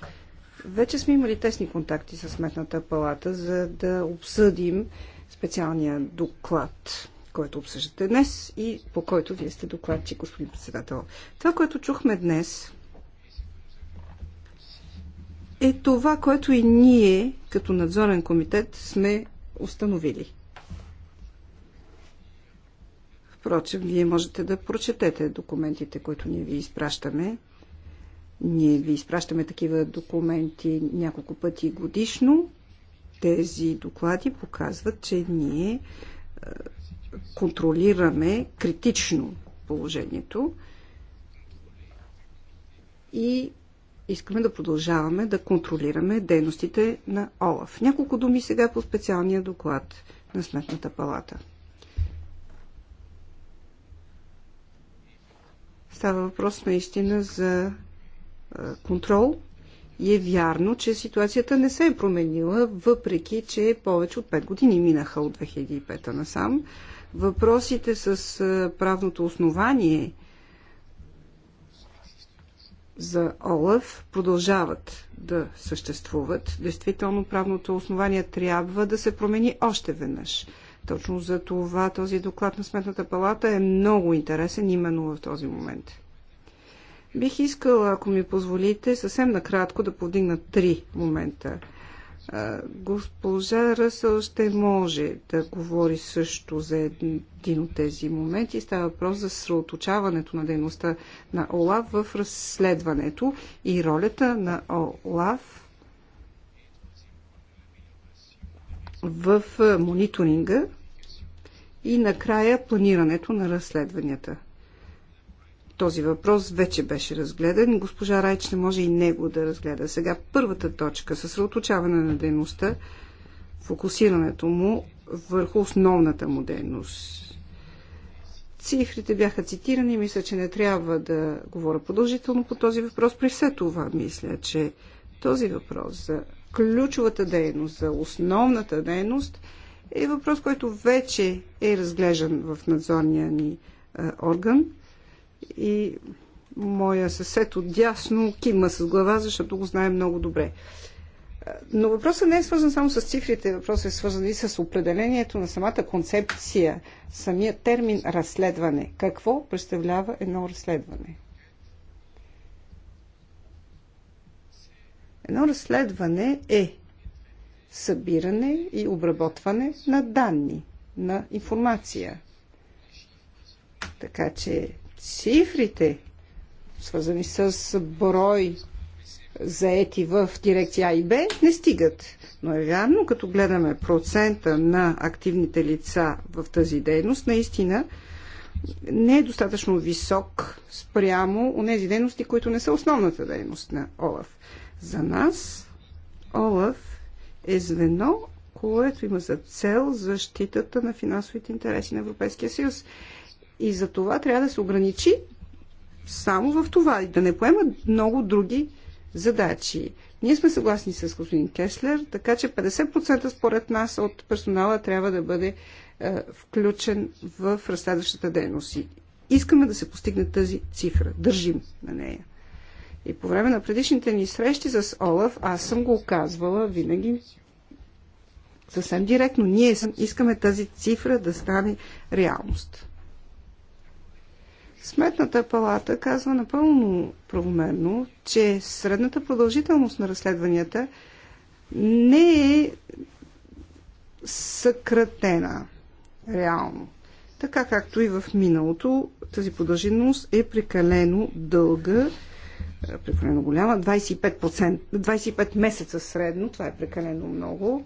Вече сме имали тесни контакти с Сметната палата, за да обсъдим специалния доклад който обсъждате днес и по който вие сте докладчик, господин председател. Това, което чухме днес, е това, което и ние, като надзорен комитет, сме установили. Впрочем, вие можете да прочетете документите, които ние ви изпращаме. Ние ви изпращаме такива документи няколко пъти годишно. Тези доклади показват, че ние контролираме критично положението и искаме да продължаваме да контролираме дейностите на ОЛАФ. Няколко думи сега по специалния доклад на Сметната палата. Става въпрос наистина за контрол и е вярно, че ситуацията не се е променила, въпреки че повече от 5 години минаха от 2005 насам. сам Въпросите с правното основание за Олаф продължават да съществуват. Действително правното основание трябва да се промени още веднъж. Точно за това този доклад на Сметната палата е много интересен именно в този момент. Бих искала, ако ми позволите, съвсем накратко да повдигна три момента. Госпожа Ръсъл ще може да говори също за един от тези моменти. Става въпрос за сръоточаването на дейността на ОЛАВ в разследването и ролята на ОЛАВ в мониторинга и накрая планирането на разследванията. Този въпрос вече беше разгледан. Госпожа Райч не може и него да разгледа. Сега първата точка – съсредоточаване на дейността, фокусирането му върху основната му дейност. Цифрите бяха цитирани. Мисля, че не трябва да говоря продължително по този въпрос. При все това, мисля, че този въпрос за ключовата дейност, за основната дейност е въпрос, който вече е разглеждан в надзорния ни орган – и моя съсед отдясно кима с глава, защото го знае много добре. Е, но въпросът не е свързан само с цифрите, въпросът е свързан и с определението на самата концепция, самия термин разследване. Какво представлява едно разследване? Едно разследване е събиране и обработване на данни, на информация. Така че цифрите, свързани с брой заети в дирекция А и Б, не стигат. Но е вярно, като гледаме процента на активните лица в тази дейност, наистина не е достатъчно висок спрямо у нези дейности, които не са основната дейност на ОЛАФ. За нас ОЛАФ е звено, което има за цел защитата на финансовите интереси на Европейския съюз. И за това трябва да се ограничи само в това и да не поема много други задачи. Ние сме съгласни с господин Кеслер, така че 50% според нас от персонала трябва да бъде е, включен в разследващата дейност. И искаме да се постигне тази цифра. Държим на нея. И по време на предишните ни срещи с Олаф, аз съм го казвала винаги съвсем директно. Ние искаме тази цифра да стане реалност. Сметната палата казва напълно правомерно, че средната продължителност на разследванията не е съкратена реално. Така както и в миналото, тази продължителност е прекалено дълга, е, прекалено голяма, 25%, 25 месеца средно, това е прекалено много.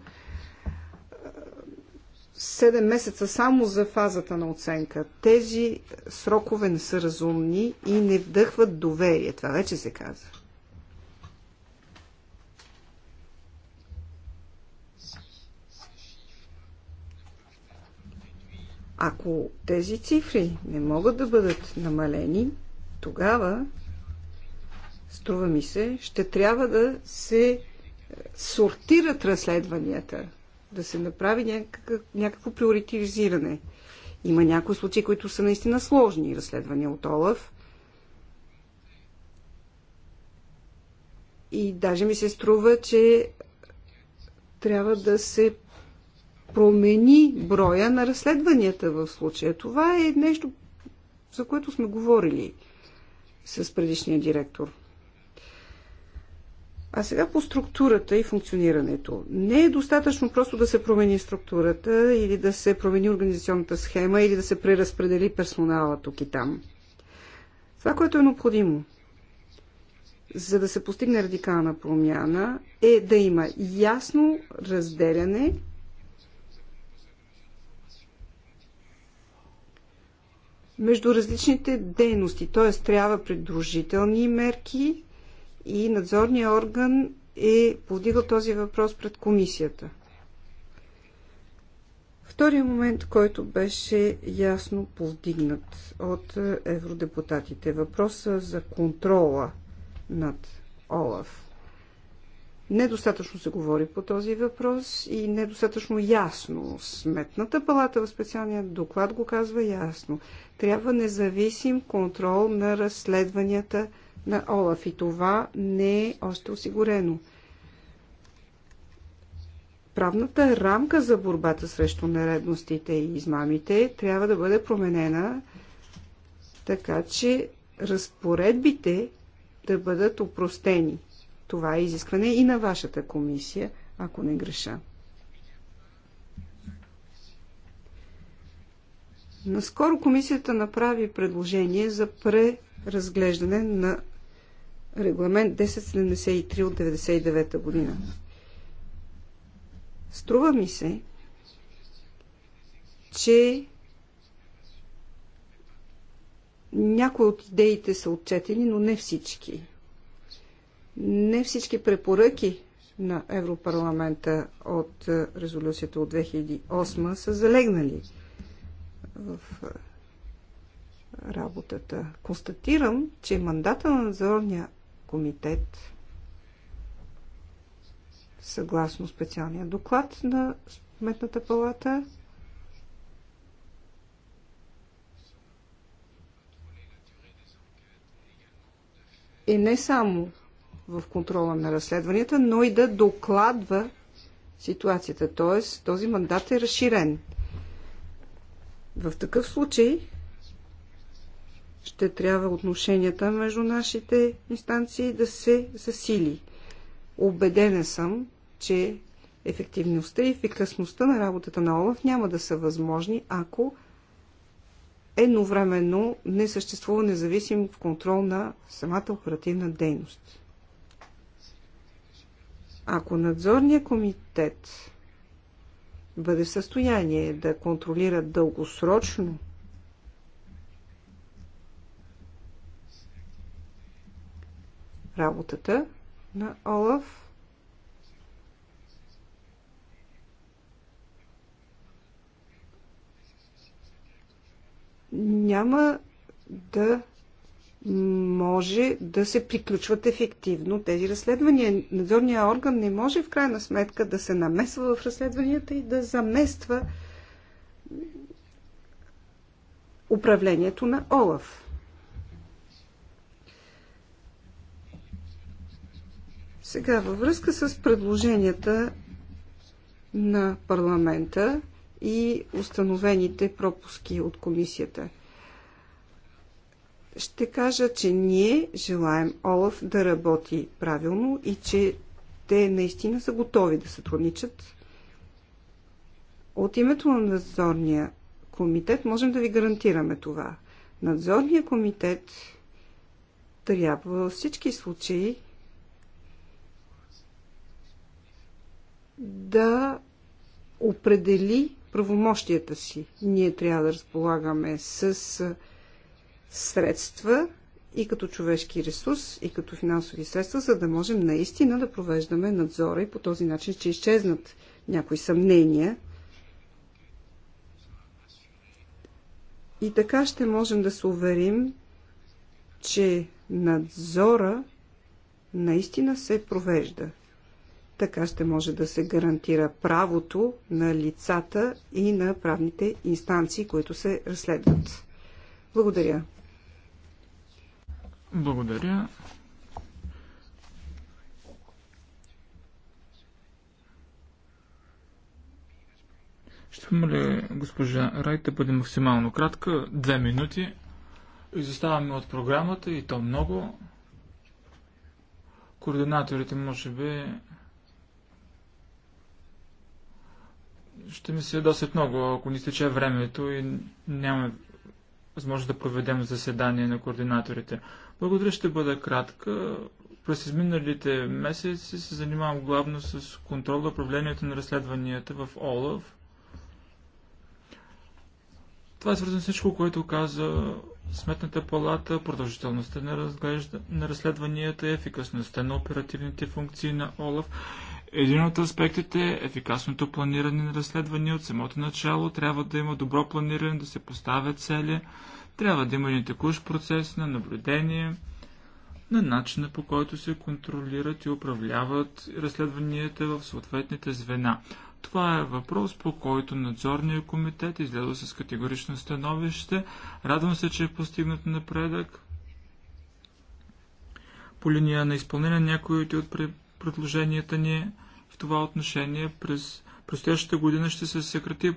7 месеца само за фазата на оценка. Тези срокове не са разумни и не вдъхват доверие. Това вече се казва. Ако тези цифри не могат да бъдат намалени, тогава, струва ми се, ще трябва да се сортират разследванията да се направи някакъв, някакво приоритизиране. Има някои случаи, които са наистина сложни разследвания от Олаф. И даже ми се струва, че трябва да се промени броя на разследванията в случая. Това е нещо, за което сме говорили с предишния директор. А сега по структурата и функционирането. Не е достатъчно просто да се промени структурата или да се промени организационната схема или да се преразпредели персонала тук и там. Това, което е необходимо, за да се постигне радикална промяна, е да има ясно разделяне между различните дейности. Т.е. трябва придружителни мерки, и надзорния орган е повдигал този въпрос пред комисията. Втория момент, който беше ясно повдигнат от евродепутатите, въпроса за контрола над Олаф. Недостатъчно се говори по този въпрос и недостатъчно ясно. Сметната палата в специалния доклад го казва ясно. Трябва независим контрол на разследванията – на Олаф и това не е още осигурено. Правната рамка за борбата срещу нередностите и измамите трябва да бъде променена така, че разпоредбите да бъдат упростени. Това е изискване и на вашата комисия, ако не греша. Наскоро комисията направи предложение за преразглеждане на регламент 1073 от 99 година. Струва ми се, че някои от идеите са отчетени, но не всички. Не всички препоръки на Европарламента от е, резолюцията от 2008 са залегнали в е, работата. Констатирам, че мандата на надзорния комитет съгласно специалния доклад на Сметната палата. И не само в контрола на разследванията, но и да докладва ситуацията. Т.е. този мандат е разширен. В такъв случай ще трябва отношенията между нашите инстанции да се засили. Обедена съм, че ефективността и ефикасността на работата на ОЛАФ няма да са възможни, ако едновременно не съществува независим контрол на самата оперативна дейност. Ако надзорният комитет бъде в състояние да контролира дългосрочно работата на Олаф. Няма да може да се приключват ефективно тези разследвания. Надзорният орган не може в крайна сметка да се намесва в разследванията и да замества управлението на ОЛАФ. Сега, във връзка с предложенията на парламента и установените пропуски от комисията. Ще кажа, че ние желаем Олаф да работи правилно и че те наистина са готови да сътрудничат. От името на надзорния комитет можем да ви гарантираме това. Надзорния комитет трябва във всички случаи да определи правомощията си. Ние трябва да разполагаме с средства и като човешки ресурс, и като финансови средства, за да можем наистина да провеждаме надзора и по този начин ще изчезнат някои съмнения. И така ще можем да се уверим, че надзора наистина се провежда. Така ще може да се гарантира правото на лицата и на правните инстанции, които се разследват. Благодаря. Благодаря. Ще ли госпожа Рай да бъде максимално кратка. Две минути. Изоставаме от програмата и то много. Координаторите може би ще ми се досет много, ако ни стече времето и нямаме възможност да проведем заседание на координаторите. Благодаря, ще бъда кратка. През изминалите месеци се занимавам главно с контрол на управлението на разследванията в ОЛАВ. Това е свързано с всичко, което каза Сметната палата, продължителността на, разглежда... на разследванията, ефикасността на оперативните функции на ОЛАВ един от аспектите е ефикасното планиране на разследвания от самото начало. Трябва да има добро планиране, да се поставят цели. Трябва да има един текущ процес на наблюдение, на начина по който се контролират и управляват разследванията в съответните звена. Това е въпрос, по който надзорният комитет изгледа с категорично становище. Радвам се, че е постигнат напредък. По линия на изпълнение някои от предложенията ни в това отношение. През предстоящата година ще се съкрати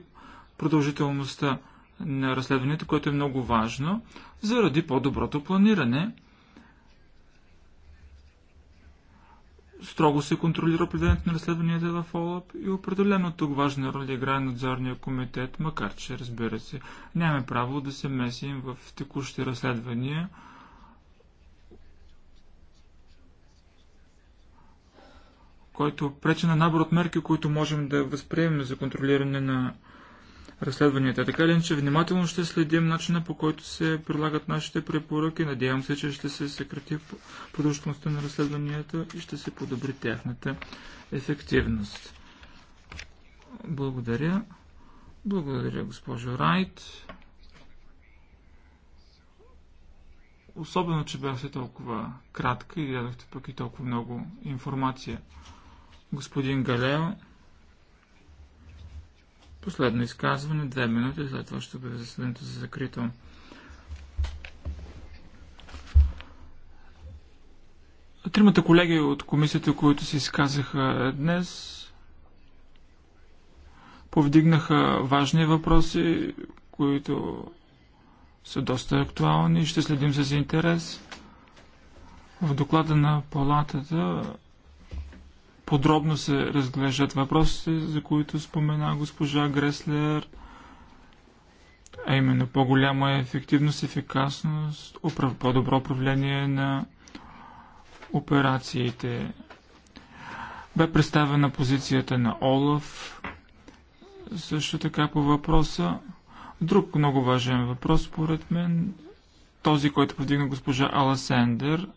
продължителността на разследването, което е много важно, заради по-доброто планиране. Строго се контролира определението на разследванията в ОЛАП и определено тук важна роля играе надзорния комитет, макар че, разбира се, нямаме право да се месим в текущи разследвания – който пречи на набор от мерки, които можем да възприемем за контролиране на разследванията. Така ли, че внимателно ще следим начина по който се прилагат нашите препоръки. Надявам се, че ще се съкрати продължителността на разследванията и ще се подобри тяхната ефективност. Благодаря. Благодаря, госпожо Райт. Особено, че бяхте толкова кратка и дадохте пък и толкова много информация. Господин Галео, последно изказване, две минути, след това ще бъде заседанието за закрито. Тримата колеги от комисията, които се изказаха днес, повдигнаха важни въпроси, които са доста актуални. Ще следим с интерес. В доклада на палатата подробно се разглеждат въпросите, за които спомена госпожа Греслер, а именно по-голяма ефективност, ефикасност, по-добро управление на операциите. Бе представена позицията на Олаф, също така по въпроса. Друг много важен въпрос, според мен, този, който повдигна госпожа Аласендер,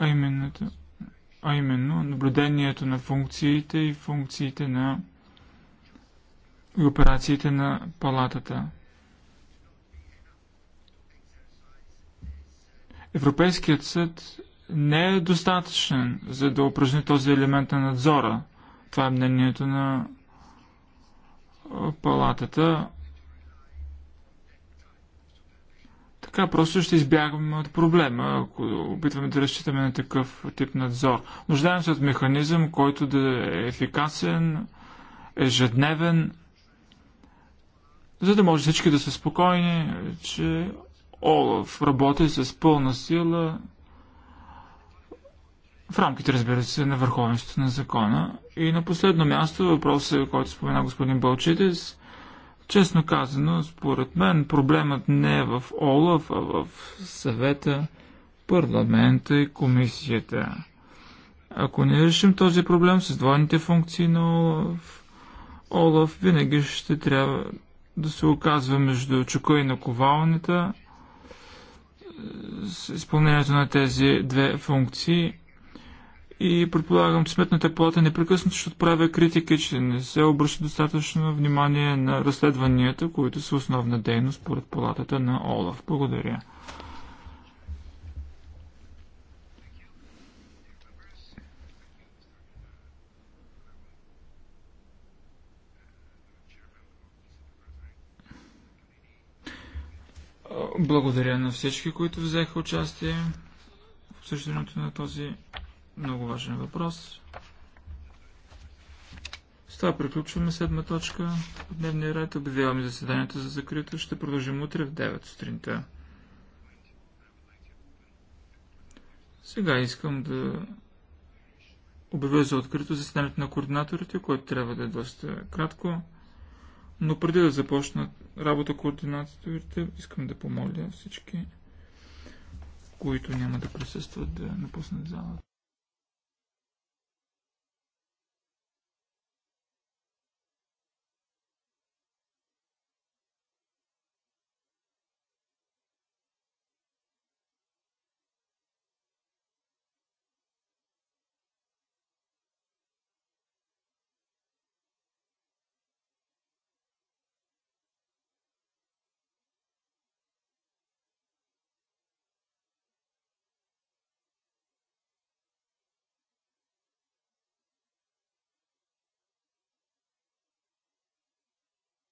а именно а именно наблюдението на функциите и функциите на и операциите на палатата. Европейският съд не е достатъчен, за да упражни този елемент на надзора. Това е мнението на палатата. Така просто ще избягваме от проблема, ако опитваме да разчитаме на такъв тип надзор. Нуждаем се от механизъм, който да е ефикасен, ежедневен, за да може всички да са спокойни, че Олаф работи с пълна сила в рамките, разбира се, на върховенството на закона. И на последно място въпросът, който спомена господин Бълчидес. Честно казано, според мен проблемът не е в Олаф, а в съвета, парламента и комисията. Ако не решим този проблем с двойните функции на Олаф, Олаф винаги ще трябва да се оказва между чука и наковалнята с изпълнението на тези две функции. И предполагам, че сметната палата непрекъснато ще отправя критики, че не се обръща достатъчно внимание на разследванията, които са основна дейност поред палатата на ОЛАФ. Благодаря. Благодаря на всички, които взеха участие в обсъждането на този много важен въпрос. С това приключваме седма точка от дневния ред. Обявяваме заседанието за закрито. Ще продължим утре в 9 сутринта. Сега искам да обявя за открито заседанието на координаторите, което трябва да е доста кратко. Но преди да започнат работа координаторите, искам да помоля всички, които няма да присъстват, да напуснат залата.